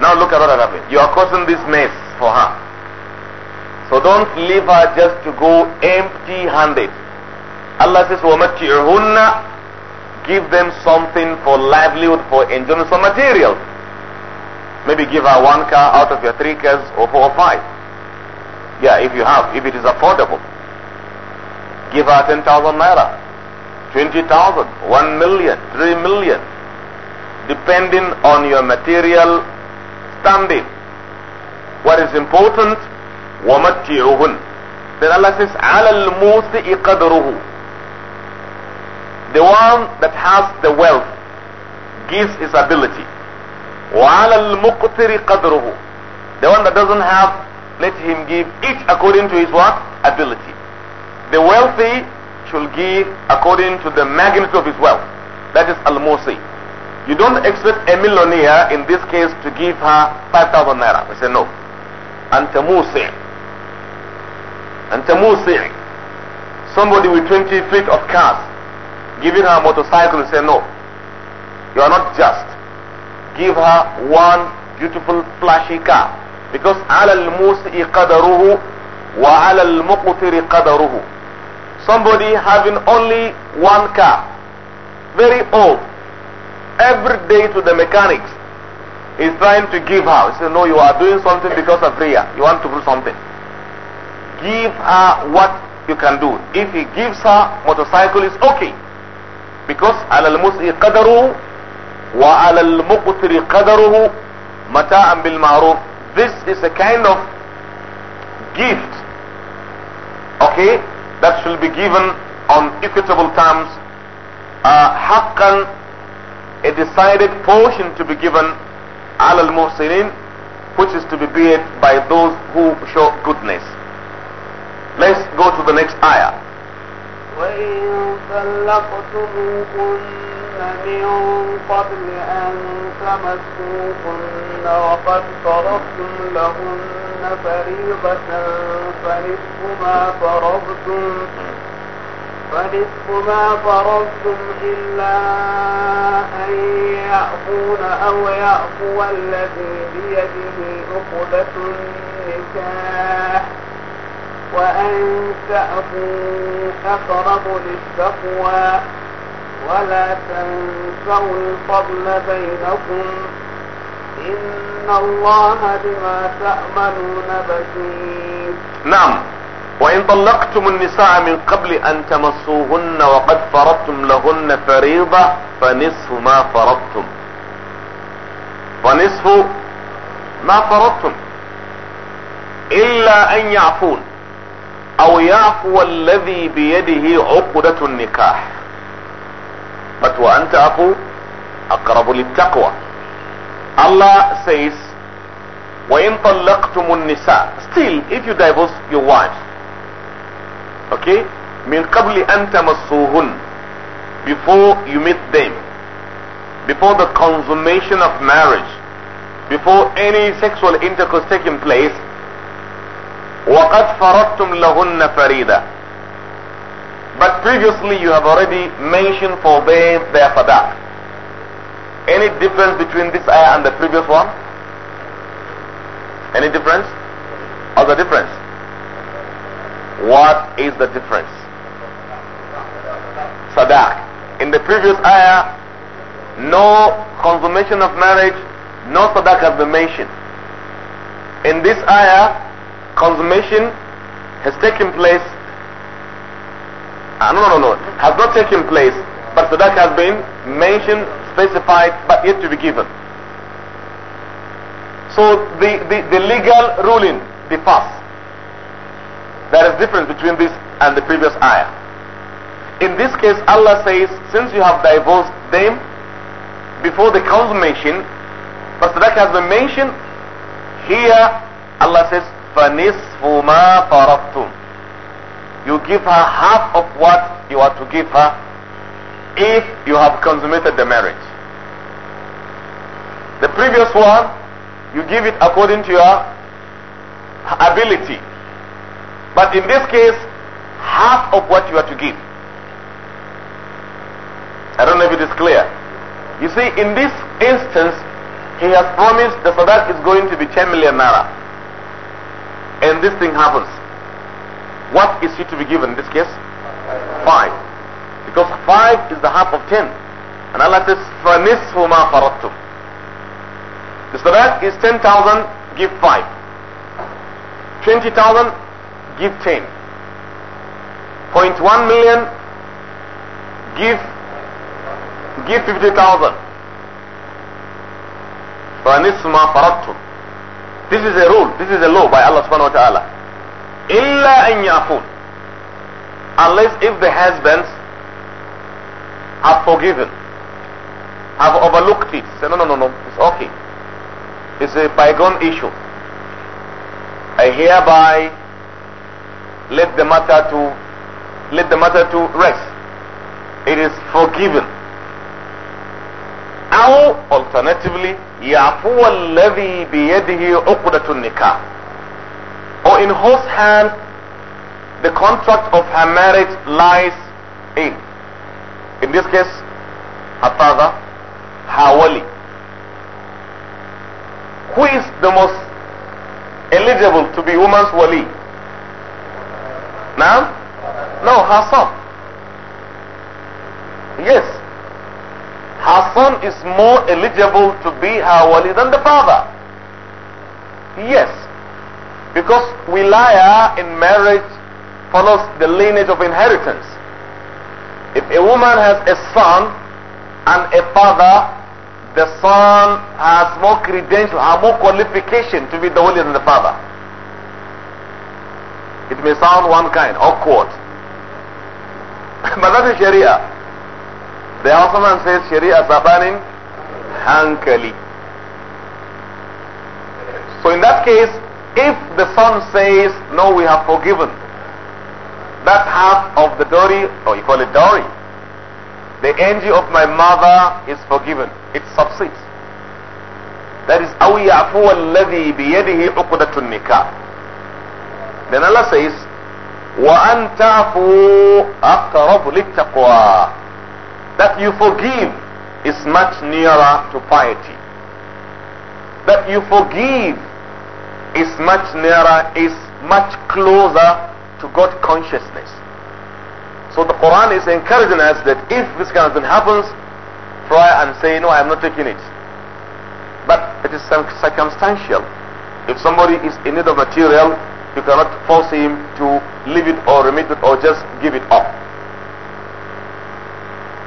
Now look at what happened. You are causing this mess for her. So don't leave her just to go empty-handed. Allah says, وَمَتِّعْهُنَّ Give them something for livelihood, for enjoyment, some material. Maybe give her one car out of your three cars or four or five. Yeah, if you have, if it is affordable. Give her 10,000 naira 20,000, 1 million, 3 million, depending on your material standing. What is important? وَمَتِّعُهُنْ Then Allah says, عَلَى الْمُوسِئِ قَدْرُهُ The one that has the wealth gives his ability. وَعَلَى الْمُقْتِرِ قَدْرُهُ The one that doesn't have, let him give each according to his what? Ability. The wealthy will give according to the magnitude of his wealth. That is al-Musi. You don't expect a millionaire in this case to give her 5,000 naira. We say no. Anta Musi. Anta Musi. Somebody with 20 feet of cars giving her a motorcycle We say no. You are not just. Give her one beautiful flashy car. Because al-Musi qadaruhu wa al-Muqtiri qadaruhu somebody having only one car, very old, every day to the mechanics, He's trying to give her. He says, no, you are doing something because of prayer. You want to do something. Give her what you can do. If he gives her motorcycle, is okay. Because على المسئ قدره وعلى المقتر قدره متاعا بالمعروف. This is a kind of gift. Okay? that shall be given on equitable terms, haqqan, a decided portion to be given al muhsinin which is to be paid by those who show goodness. Let's go to the next ayah. من قبل أن تمسوهن وقد فرضتم لهن فريضة فنصف ما فرضتم فنصف ما فرضتم إلا أن يأخون أو يأخو الذي بيده عقدة النكاح وأن تأخوا أقرب للتقوى ولا تنسوا الفضل بينكم إن الله بما تأمنون بشير نعم وإن طلقتم النساء من قبل أن تمسوهن وقد فرضتم لهن فريضة فنصف ما فرضتم فنصف ما فرضتم إلا أن يعفون أو يعفو الذي بيده عقدة النكاح But وأنت أخو أقرب للتقوى Allah says وإن طلقتم النساء Still if you divorce your wife Okay من قبل أن تمسوهن Before you meet them Before the consummation of marriage Before any sexual intercourse taking place وقد فرضتم لهن فريضة But previously you have already mentioned for them their fadak. Any difference between this ayah and the previous one? Any difference? Or the difference? What is the difference? Sadak. In the previous ayah, no consummation of marriage, no sadak has been mentioned. In this ayah, consummation has taken place Ah, no, no, no, no. Has not taken place, but sadaq has been mentioned, specified, but yet to be given. So the, the, the legal ruling the fast, There is difference between this and the previous ayah. In this case, Allah says, since you have divorced them before the consummation, but sadaq has been mentioned, here Allah says, فَنِصْفُ مَا فَرَضْتُمْ you give her half of what you are to give her if you have consummated the marriage. The previous one, you give it according to your ability. But in this case, half of what you are to give. I don't know if it is clear. You see, in this instance, he has promised the sadak is going to be 10 million naira. And this thing happens what is he to be given in this case? Five. Because five is the half of ten. And Allah says, فَنِسْهُ This the rest is 10,000, give five. 20,000, give ten. Point 1 million, give, give 50,000. فَنِسْهُ مَا This is a rule, this is a law by Allah subhanahu wa ta'ala. Illa أن unless if the husbands have forgiven have overlooked it say no no no no it's okay it's a bygone issue I hereby let the matter to let the matter to rest it is forgiven أو alternatively يعفو الذي بيده عقدة النكاح or in whose hands the contract of her marriage lies in. In this case, her father, her wali. Who is the most eligible to be woman's wali? Now? No, her son. Yes. Her son is more eligible to be her wali than the father. Yes. Because wilaya in marriage follows the lineage of inheritance. If a woman has a son and a father, the son has more credential, has more qualification to be the holier than the father. It may sound one kind, awkward. but that is Sharia. The Ottoman says Sharia Safanin Hankali. So in that case, if the son says, no, we have forgiven, that half of the dowry, or you call it dowry, the energy of my mother is forgiven. It subsides. That is, أَوْ يَعْفُوَ الَّذِي بِيَدِهِ Then Allah says, وَأَنْ تَعْفُوا أَقْرَبُ لِلتَّقْوَى That you forgive is much nearer to piety. That you forgive is much nearer, is much closer to God consciousness. So the Quran is encouraging us that if this kind of thing happens, try and say, no, I'm not taking it. But it is circumstantial. If somebody is in need of material, you cannot force him to leave it or remit it or just give it up.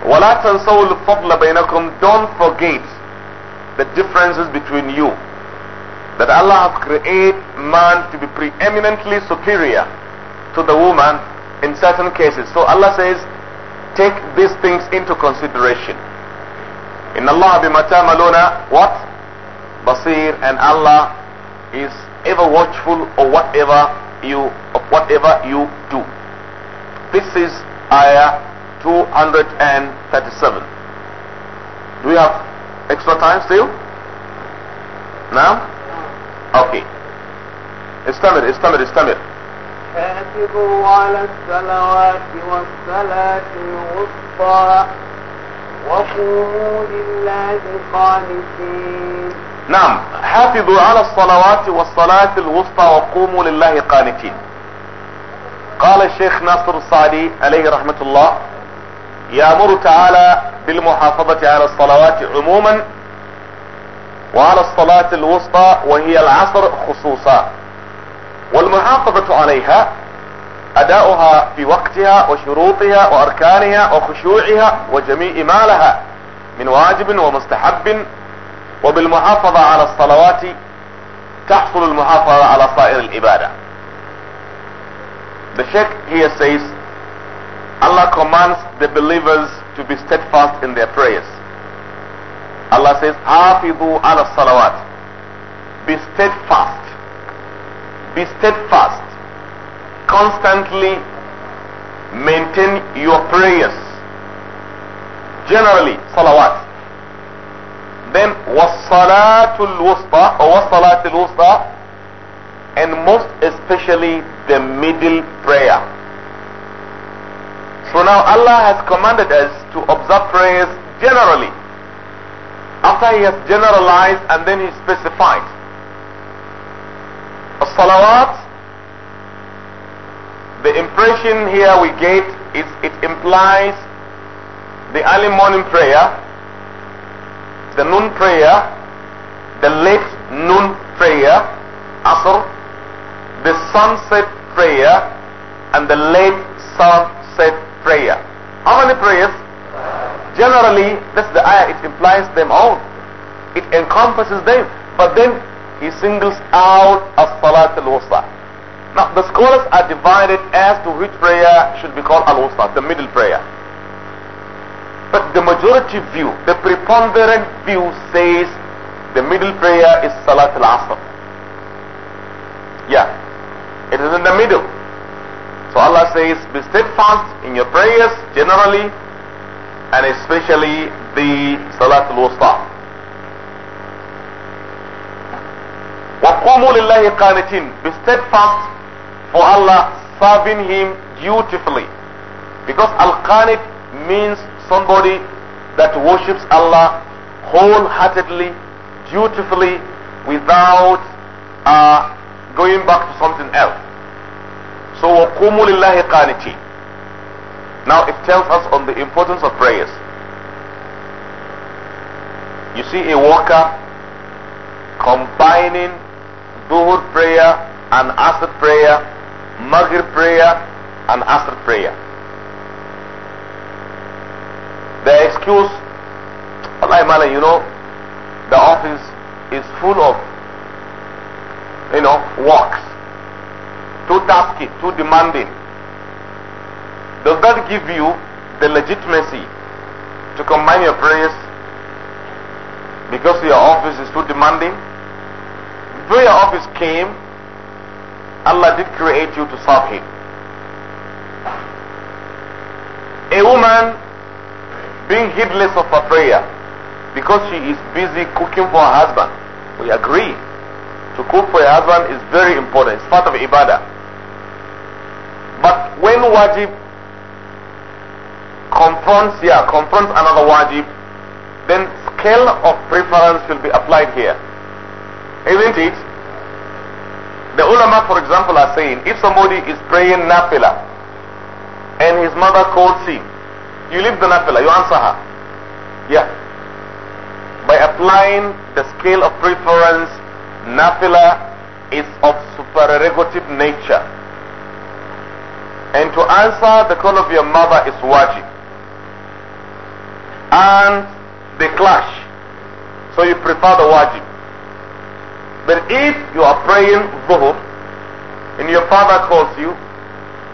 وَلَا تَنْسَوُا الْفَضْلَ بَيْنَكُمْ Don't forget the differences between you that Allah has created man to be preeminently superior to the woman in certain cases. So Allah says, take these things into consideration. In Allah bimatamaloona, what? Basir and Allah is ever watchful of whatever you of whatever you do. This is ayah 237. Do we have extra time still? Now? اوكي استمر استمر استمر حافظوا على الصلوات والصلاة الوسطى وقوموا لله قانتين نعم حافظوا على الصلوات والصلاة الوسطى وقوموا لله قانتين قال الشيخ ناصر السعدي عليه رحمة الله يأمر تعالى بالمحافظة على الصلوات عموما وعلى الصلاة الوسطى وهي العصر خصوصا والمحافظة عليها أداؤها في وقتها وشروطها وأركانها وخشوعها وجميع ما لها من واجب ومستحب وبالمحافظة على الصلوات تحصل المحافظة على صائر العبادة The Sheikh here says Allah commands the believers to be steadfast in their prayers Allah says, Hafidu ala salawat. Be steadfast. Be steadfast. Constantly maintain your prayers. Generally, salawat. Then, wasalatul wusta, or wasalatul wusta, and most especially the middle prayer. So now Allah has commanded us to observe prayers generally after he has generalized and then he specified the salawat the impression here we get is it implies the early morning prayer the noon prayer the late noon prayer asr the sunset prayer and the late sunset prayer how many prayers Generally, that's the ayah, it implies them all. It encompasses them. But then he singles out as Salat al-Wusta. Now the scholars are divided as to which prayer should be called al-Wusta, the middle prayer. But the majority view, the preponderant view says the middle prayer is Salat al-Asr. Yeah, it is in the middle. So Allah says, be steadfast in your prayers generally and especially the Salatul Wusta. وَقُومُوا لِلَّهِ قَانِتِينَ Be steadfast for Allah, serving Him dutifully. Because Al-Qanit means somebody that worships Allah wholeheartedly, dutifully, without uh, going back to something else. So وَقُومُوا لِلَّهِ قَانِتِينَ now it tells us on the importance of prayers. You see a worker combining Duhur prayer and Asr prayer, Maghrib prayer and Asr prayer. The excuse, Allah Mala, you know, the office is full of, you know, works. Too tasky, too demanding. Does that give you the legitimacy to combine your prayers because your office is too demanding? Before your office came, Allah did create you to serve Him. A woman being heedless of her prayer because she is busy cooking for her husband. We agree. To cook for your husband is very important. It's part of ibadah. But when wajib confronts, yeah, confronts another wajib, then scale of preference will be applied here. Isn't it? The ulama, for example, are saying, if somebody is praying nafila, and his mother calls him, you leave the nafila, you answer her. Yeah. By applying the scale of preference, nafila is of supererogative nature. And to answer the call of your mother is wajib and they clash. So you prefer the wajib. But if you are praying zuhur and your father calls you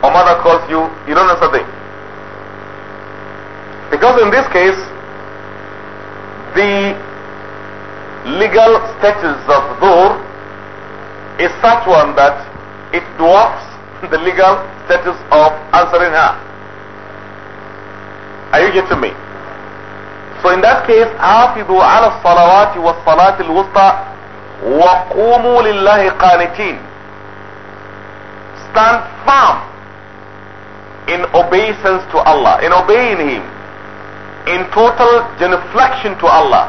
or mother calls you, you don't answer them. Because in this case, the legal status of dhuhr is such one that it dwarfs the legal status of answering her. Are you getting me? So in that case, حافظوا على الصلوات والصلاة الوسطى وقوموا لله قانتين. Stand firm in obeisance to Allah, in obeying Him, in total genuflection to Allah,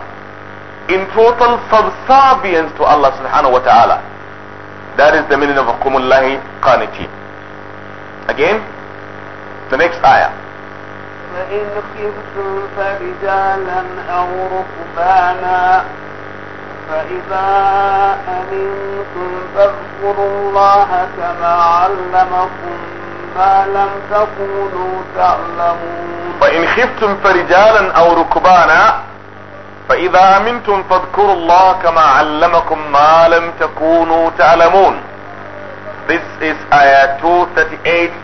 in total subservience to Allah subhanahu wa ta'ala. That is the meaning of Akumullahi Qanitin. Again, the next ayah. فإن خفتم فرجالا أو ركبانا فإذا أمنتم فاذكروا الله كما علمكم ما لم تكونوا تعلمون فإن خفتم فرجالا أو ركبانا فإذا أمنتم فاذكروا الله كما علمكم ما لم تكونوا تعلمون This is ayah 238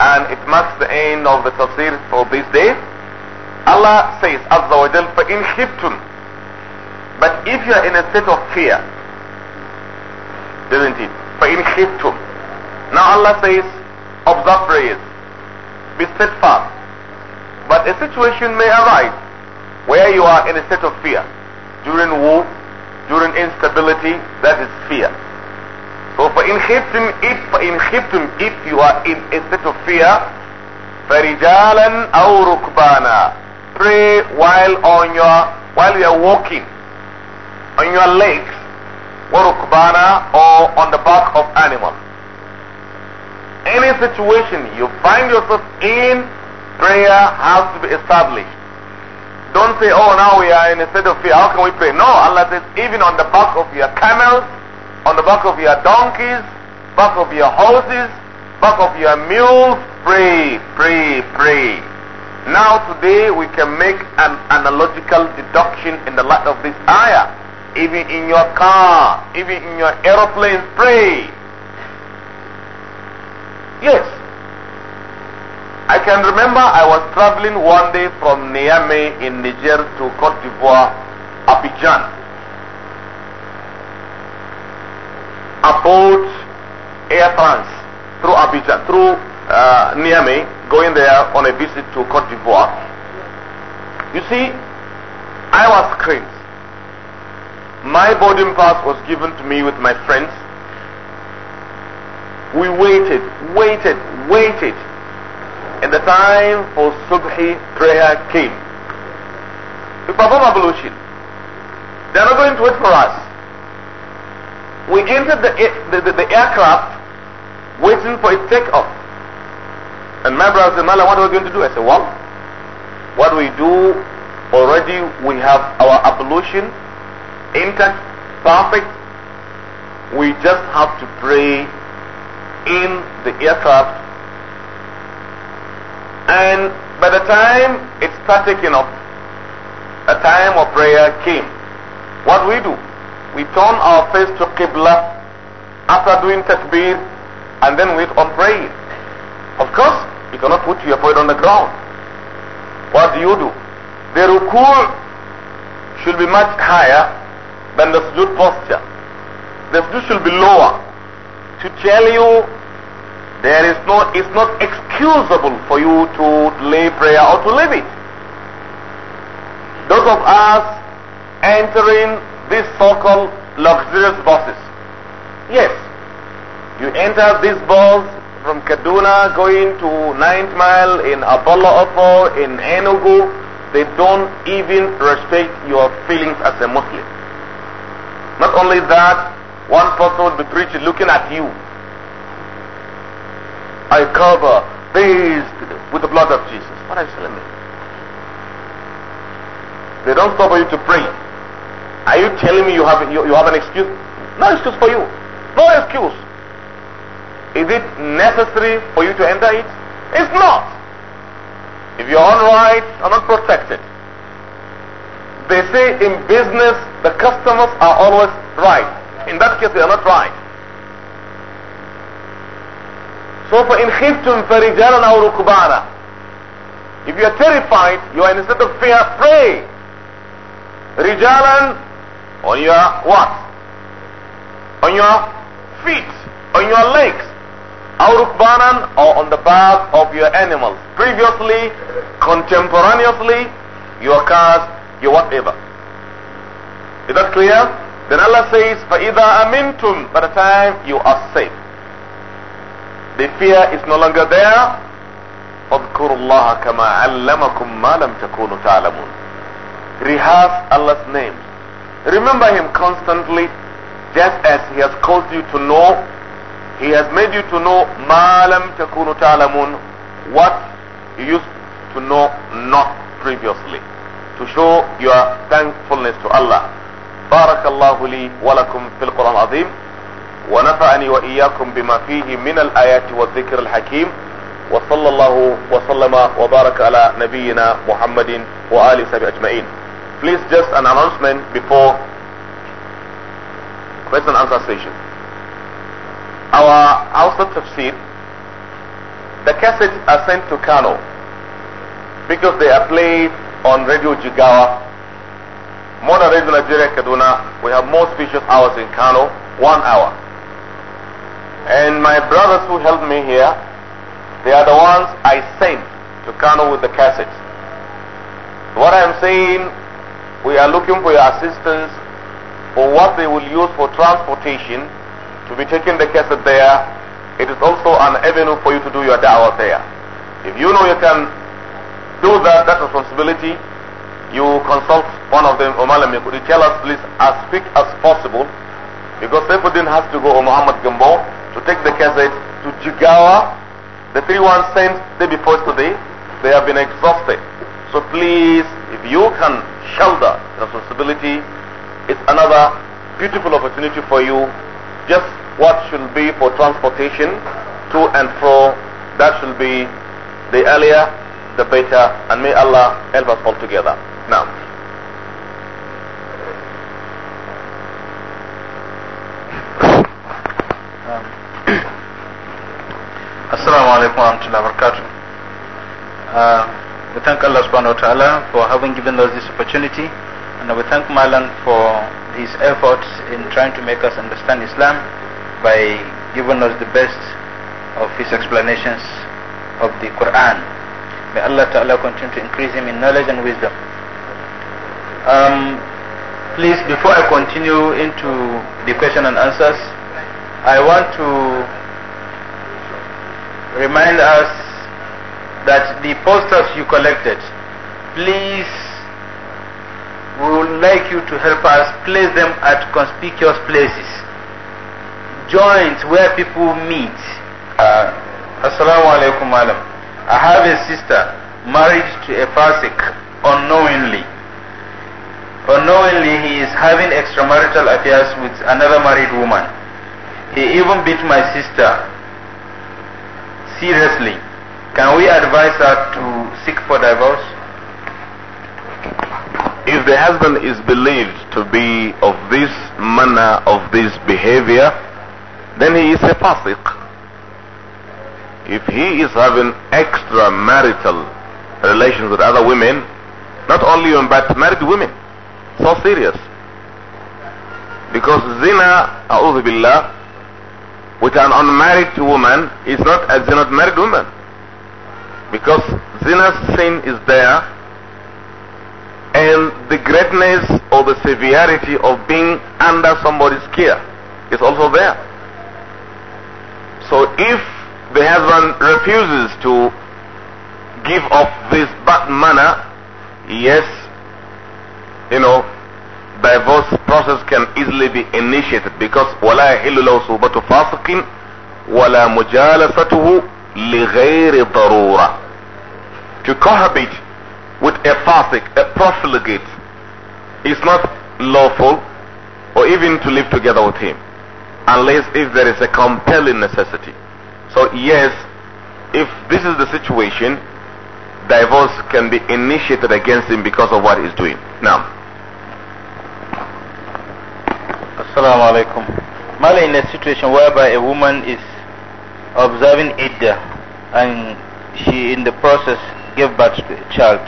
and it marks the end of the tafsir for this day. Allah says, Azza wa Jal, فَإِنْ But if you are in a state of fear, does not it? فَإِنْ خِفْتُمْ Now Allah says, observe prayers, be steadfast. But a situation may arise where you are in a state of fear. During war, during instability, that is fear. فإن خفتم if فإن خفتم you are in a state of fear فرجالا أو ركبانا pray while on your while you are walking on your legs وركبانا or on the back of animal any situation you find yourself in prayer has to be established don't say oh now we are in a state of fear how can we pray no Allah says even on the back of your camels on the back of your donkeys, back of your horses, back of your mules, pray, pray, pray. Now today we can make an analogical deduction in the light of this ayah. Even in your car, even in your aeroplane, pray. Yes. I can remember I was traveling one day from Niamey in Niger to Cote d'Ivoire, Abidjan. approach Air France through Abidjan, through uh, Niamey, going there on a visit to Cote d'Ivoire. You see, I was screened. My boarding pass was given to me with my friends. We waited, waited, waited. And the time for Subhi prayer came. We perform ablution. They are not going to wait for us. We entered the, the, the, the aircraft waiting for its takeoff. And my brother said, Mala, what are we going to do? I said, well, what we do already, we have our ablution intact, perfect. We just have to pray in the aircraft. And by the time it started taking off, a time of prayer came. What we do? we turn our face to Qibla after doing takbir and then wait on praying. Of course, you cannot put your foot on the ground. What do you do? The ruku' should be much higher than the sujood posture. The sujood should be lower. To tell you there is no, it's not excusable for you to delay prayer or to leave it. Those of us entering these so-called luxurious buses. Yes, you enter these bus from Kaduna going to Ninth Mile in Apollo Opo, in Enugu, they don't even respect your feelings as a Muslim. Not only that, one person will be preaching looking at you. I cover these with the blood of Jesus. What are you telling me? They don't stop you to pray. Are you telling me you have you, you have an excuse? No excuse for you. No excuse. Is it necessary for you to enter it? It's not. If your own rights are not protected, they say in business the customers are always right. In that case, they are not right. So for in khiftum farijalan aw If you are terrified, you are in a state of fear, pray. Rijalan on your what? On your feet, on your legs, aurukbanan or on the back of your animals. Previously, contemporaneously, your cars, your whatever. Is that clear? Then Allah says, فَإِذَا أَمِنْتُمْ By the time you are safe. The fear is no longer there. فَاذْكُرُوا اللَّهَ كَمَا عَلَّمَكُمْ مَا لَمْ تَكُونُوا تَعْلَمُونَ Rehearse Allah's names Remember him constantly, just as he has caused you to know, he has made you to know malam takunu ta'lamun, what you used to know not previously, to show your thankfulness to Allah. بارك الله لي ولكم في القرآن العظيم ونفعني وإياكم بما فيه من الآيات والذكر الحكيم وصلى الله وسلم وبارك على نبينا محمد وآل سبي أجمعين Please just an announcement before question and answer session. Our outside tafsir, the cassettes are sent to Kano because they are played on Radio Jigawa. More than Radio Nigeria Kaduna, we have more special hours in Kano, one hour. And my brothers who helped me here, they are the ones I sent to Kano with the cassettes. What I am saying we are looking for your assistance for what they will use for transportation to be taking the cassette there. It is also an avenue for you to do your da'wah there. If you know you can do that, that responsibility, you consult one of them, could you Tell us please as quick as possible because Saifuddin has to go, to Muhammad Gambo, to take the cassette to Jigawa. The three ones sent day before today, they have been exhausted. So please if you can shoulder responsibility, it's another beautiful opportunity for you. Just what should be for transportation to and fro, that should be the earlier, the better, and may Allah help us all together. Now. Assalamu alaikum wa rahmatullahi wa barakatuh. Uh, we thank Allah subhanahu wa ta'ala for having given us this opportunity and we thank Malan for his efforts in trying to make us understand Islam by giving us the best of his explanations of the Quran. May Allah Ta'ala continue to increase him in knowledge and wisdom. Um, please, before I continue into the question and answers, I want to remind us that the posters you collected, please, we would like you to help us place them at conspicuous places, joints where people meet. Uh, Assalamu alaikum, madam. I have a sister married to a Pasik unknowingly. Unknowingly, he is having extramarital affairs with another married woman. He even beat my sister. Seriously. Can we advise her to seek for divorce? If the husband is believed to be of this manner, of this behavior, then he is a fasiq. If he is having extramarital relations with other women, not only women but married women, so serious. Because zina, a'udhu billah, with an unmarried woman is not a zina married woman. Because zina's sin is there and the greatness or the severity of being under somebody's care is also there. So if the husband refuses to give up this bad manner, yes, you know, divorce process can easily be initiated because وَلَا يَحِلُّ لَهُ صُحْبَةُ فَاسِقٍ وَلَا مُجَالَسَتُهُ لغير ضرورة to cohabit with a fasik, a profligate is not lawful or even to live together with him unless if there is a compelling necessity so yes if this is the situation divorce can be initiated against him because of what he's doing now assalamu alaikum Mala in a situation whereby a woman is observing Ida, and she in the process gave birth to a child,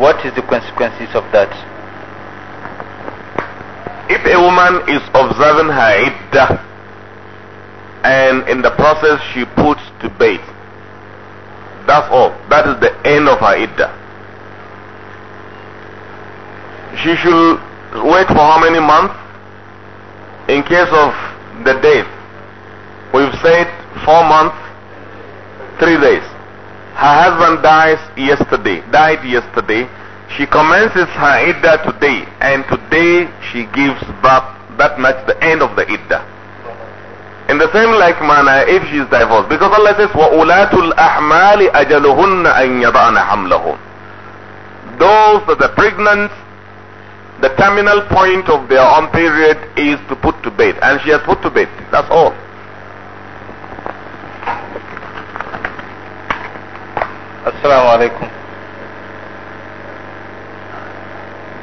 what is the consequences of that? If a woman is observing her Ida, and in the process she puts to bed, that's all. That is the end of her Ida. She should wait for how many months? In case of the death, we've said four months, three days. Her husband dies yesterday, died yesterday. She commences her iddah today, and today she gives birth. That marks the end of the iddah. In the same like manner, if she is divorced, because Allah says, وَأُولَاتُ الْأَحْمَالِ أَجَلُهُنَّ أَنْ يَضَعْنَ حَمْلَهُمْ Those that are pregnant, the terminal point of their own period is to put to bed, and she has put to bed. That's all. Assalamu alaikum.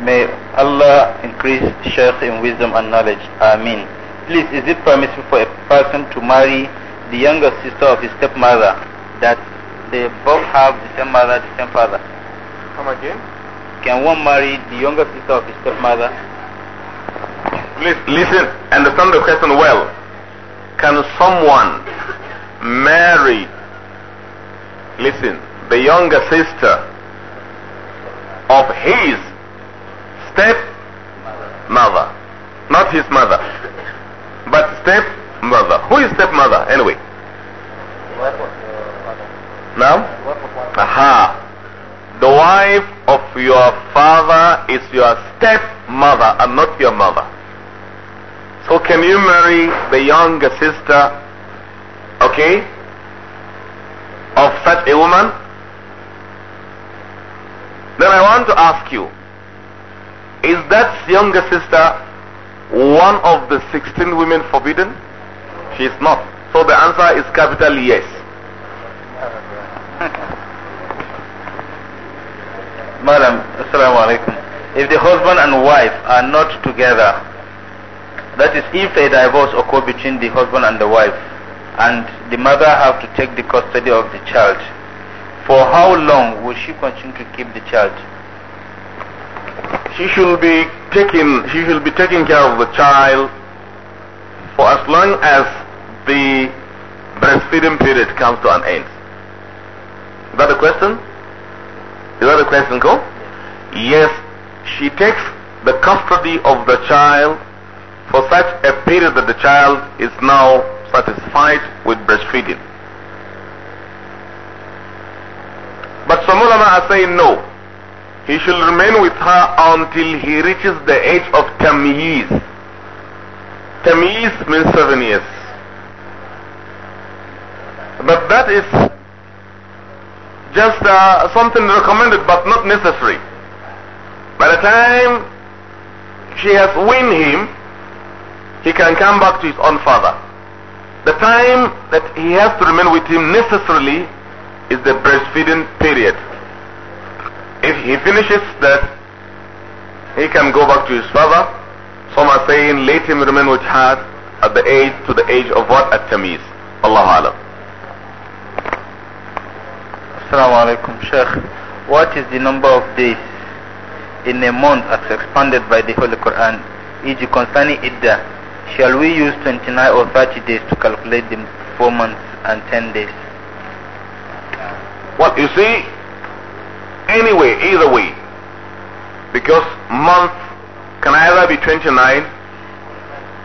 May Allah increase Shaykh in wisdom and knowledge. Amin. Please, is it permissible for a person to marry the younger sister of his stepmother that they both have the same mother, the same father? Come again? Can one marry the younger sister of his stepmother? Please listen, understand the question well. Can someone marry, listen, the younger sister of his step mother. Not his mother, but step mother. Who is step mother anyway? Now? Aha. The wife of your father is your stepmother and not your mother. So can you marry the younger sister, okay, of such a woman? Then I want to ask you, is that younger sister one of the 16 women forbidden? She is not. So the answer is capital yes. Madam, assalamu alaikum. If the husband and wife are not together, that is if a divorce occurs between the husband and the wife, and the mother have to take the custody of the child, for how long will she continue to keep the child? She should be taking she should be taking care of the child for as long as the breastfeeding period comes to an end. Is that a question? Is that a question, Cole? Yes, she takes the custody of the child for such a period that the child is now satisfied with breastfeeding. But some ulama are saying no. He shall remain with her until he reaches the age of Tamiz. Tamiz means seven years. But that is just uh, something recommended but not necessary. By the time she has weaned him, he can come back to his own father. The time that he has to remain with him necessarily is the breastfeeding period. If he finishes that, he can go back to his father. Some are saying let him remain with her at the age to the age of what? At Tamiz. Allahu Alam. Assalamu alaikum, Sheikh. What is the number of days in a month as expanded by the Holy Quran, e.g. concerning Idda? Shall we use 29 or 30 days to calculate the 4 months and 10 days? What you see? Anyway, either way. Because month can either be 29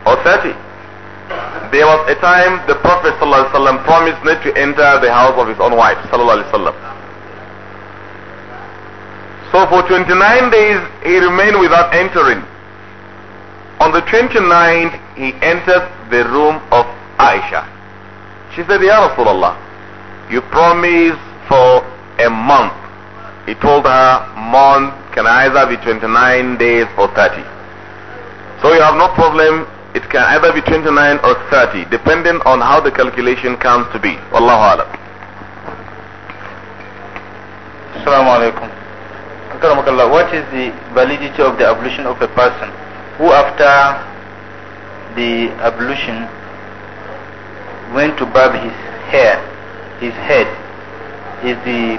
or 30. There was a time the Prophet ﷺ promised not to enter the house of his own wife. So for 29 days he remained without entering. On the 29th he entered the room of Aisha. She said, Ya Rasulullah, you promised for a month. He told her month can either be 29 days or 30. So you have no problem. It can either be 29 or 30, depending on how the calculation comes to be. Wallahu alam. Assalamu alaikum. What is the validity of the ablution of a person who after the ablution went to barb his hair, his head, is the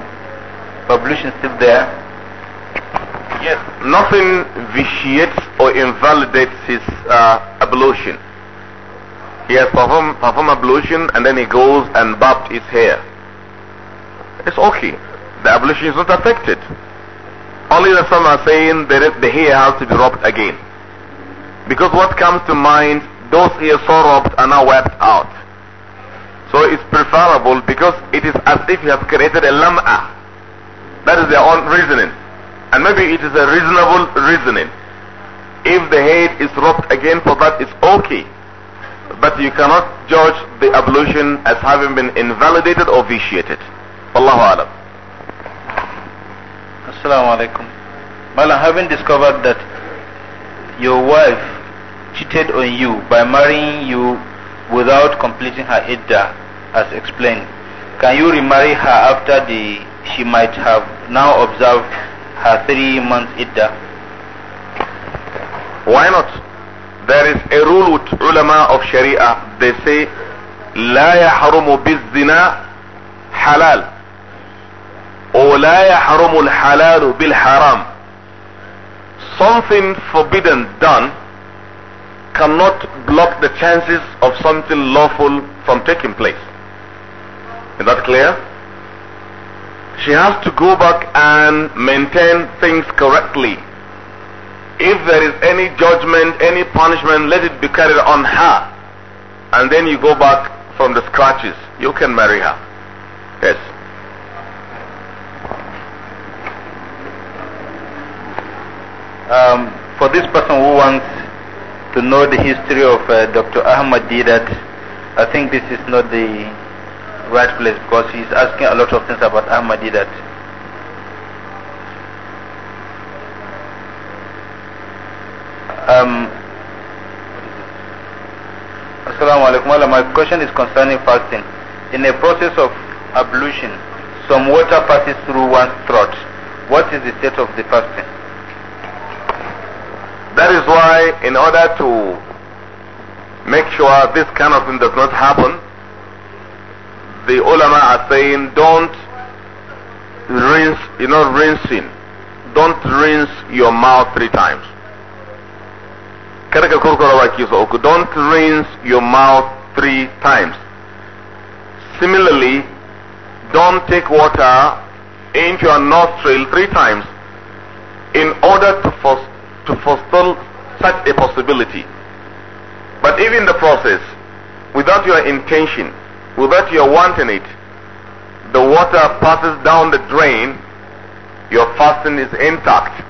publication still there? Yes. Nothing vitiates or invalidates his uh, ablution. He has performed perform ablution and then he goes and bobbed his hair. It's okay. The ablution is not affected. Only the some are saying that the hair has to be rubbed again. Because what comes to mind, those hairs so rubbed are now wiped out. So it's preferable because it is as if he has created a lam'ah. That is their own reasoning. And maybe it is a reasonable reasoning. If the head is rubbed again for that, it's okay. But you cannot judge the ablution as having been invalidated or vitiated. Allahu Alam. Assalamu alaikum. Mala, having discovered that your wife cheated on you by marrying you without completing her iddah, as explained, can you remarry her after the she might have now observed her three months idda? Why not? There is a rule with ulama of Sharia. They say, لا يحرم بالزنا حلال أو لا يحرم الحلال بالحرام. Something forbidden done cannot block the chances of something lawful from taking place. Is that clear? She has to go back and maintain things correctly. If there is any judgment, any punishment, let it be carried on her. And then you go back from the scratches. You can marry her. Yes. Um, for this person who wants to know the history of uh, Dr. Ahmad Didat, I think this is not the right place because he's asking a lot of things about Ahmadi that um Assalamu alaikum my question is concerning fasting in a process of ablution some water passes through one's throat what is the state of the fasting that is why in order to make sure this kind of thing does not happen the ulama are saying don't rinse, you know, rinsing. Don't rinse your mouth three times. Don't rinse your mouth three times. Similarly, don't take water into your nostril three times in order to, to forestall such a possibility. But even the process, without your intention, without your wanting it, the water passes down the drain, your fasting is intact.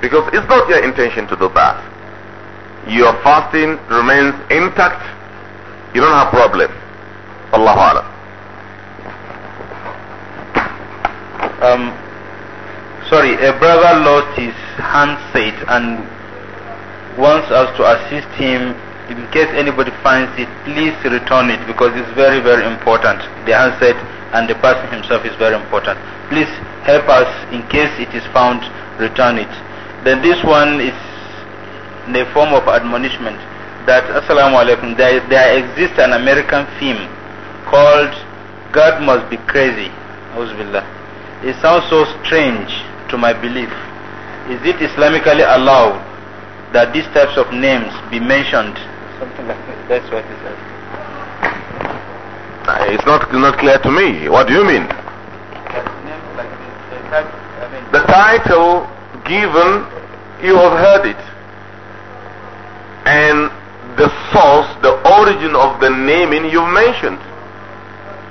Because it's not your intention to do that. Your fasting remains intact. You don't have problem. Allahu Um, sorry, a brother lost his handset and wants us to assist him in case anybody finds it, please return it because it's very, very important. The handset and the person himself is very important. Please help us in case it is found, return it. Then this one is in the form of admonishment that Assalamu alaikum, there, there exists an American film called God Must Be Crazy. It sounds so strange to my belief. Is it Islamically allowed that these types of names be mentioned something like that. That's what he says. Uh, it's not not clear to me. What do you mean? The title given, you have heard it, and the source, the origin of the naming you've mentioned,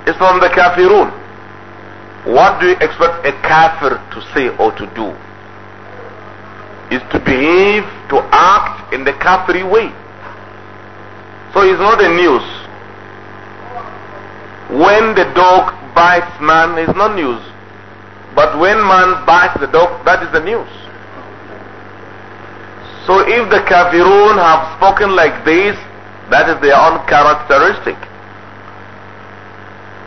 is from the kafirun. What do you expect a kafir to say or to do? Is to behave, to act in the kafiri way. So it's not a news. When the dog bites man, it's not news. But when man bites the dog, that is the news. So if the kafirun have spoken like this, that is their own characteristic.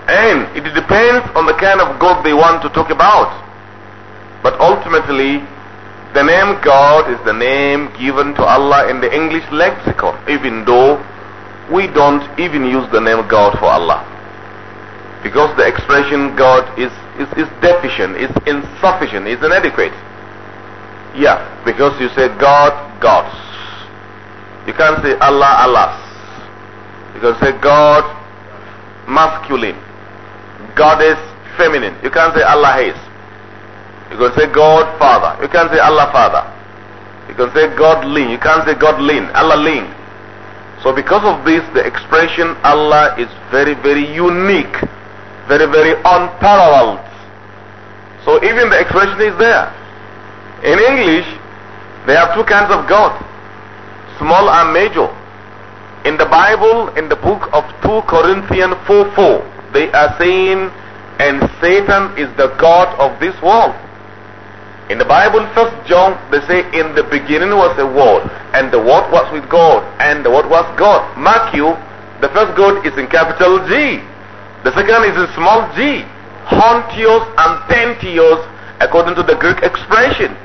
And it depends on the kind of God they want to talk about. But ultimately, the name God is the name given to Allah in the English lexicon, even though we don't even use the name God for Allah. Because the expression God is, is, is deficient, is insufficient, is inadequate. Yeah, because you say God, gods. You can't say Allah, Allahs. You can say God, masculine. Goddess, feminine. You can't say Allah is. You can say God, Father. You can't say Allah, Father. You can say God, lean. You can't say God, lean. Allah, lean. So because of this, the expression Allah is very, very unique, very, very unparalleled. So even the expression is there. In English, there are two kinds of God, small and major. In the Bible, in the book of 2 Corinthians 4:4, they are saying, and Satan is the God of this world. In the Bible, first John, they say, in the beginning was the word, and the word was with God, and the word was God. Mark you, the first God is in capital G. The second is in small g. Hontios and Pentios, according to the Greek expression,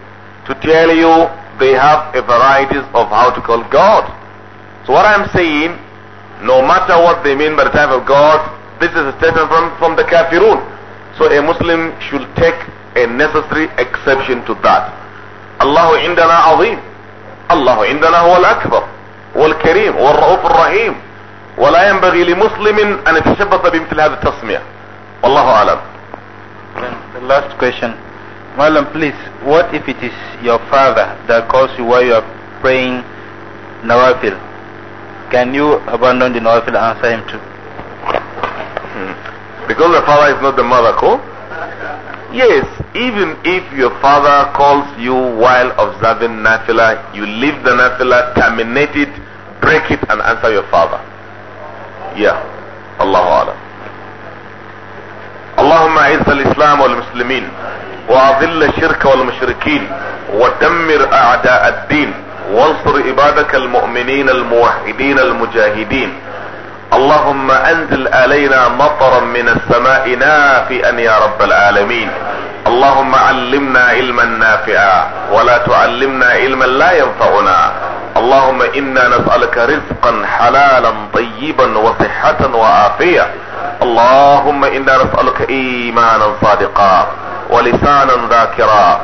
to tell you they have a varieties of how to call God. So what I'm saying, no matter what they mean by the type of God, this is a statement from, from the Kafirun. So a Muslim should take a necessary exception to that. الله عندنا عظيم الله عندنا al-akbar. والكريم والرؤوف الرحيم ولا ينبغي لمسلم أن يتشبث بمثل هذه التسمية والله أعلم The last question Malam please what if it is your father that calls you while you are praying Nawafil can you abandon the Nawafil and answer him too? Hmm. Because the father is not the mother, cool? Yes, even if your father calls you while observing nafila, you leave the nafila, terminate it, break it, and answer your father. Yeah. Allahu Alam. اللهم اعز الاسلام والمسلمين واذل الشرك والمشركين ودمر اعداء الدين وانصر عبادك المؤمنين الموحدين المجاهدين اللهم انزل علينا مطرا من السماء نافئا يا رب العالمين اللهم علمنا علما نافعا ولا تعلمنا علما لا ينفعنا اللهم انا نسألك رزقا حلالا طيبا وصحة وعافية اللهم انا نسألك ايمانا صادقا ولسانا ذاكرا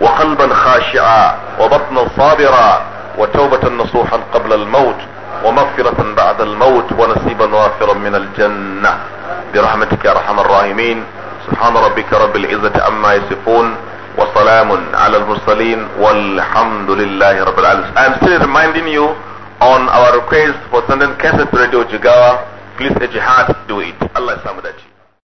وقلبا خاشعا وبطنا صابرا وتوبة نصوحا قبل الموت ومغفرة بعد الموت ونصيبا وافرا من الجنة برحمتك يا رحم الراحمين سبحان ربك رب العزة عما يصفون وسلام على المرسلين والحمد لله رب العالمين. I'm still reminding you on our request for sending cassette radio Jigawa. Please, a jihad do it. Allah is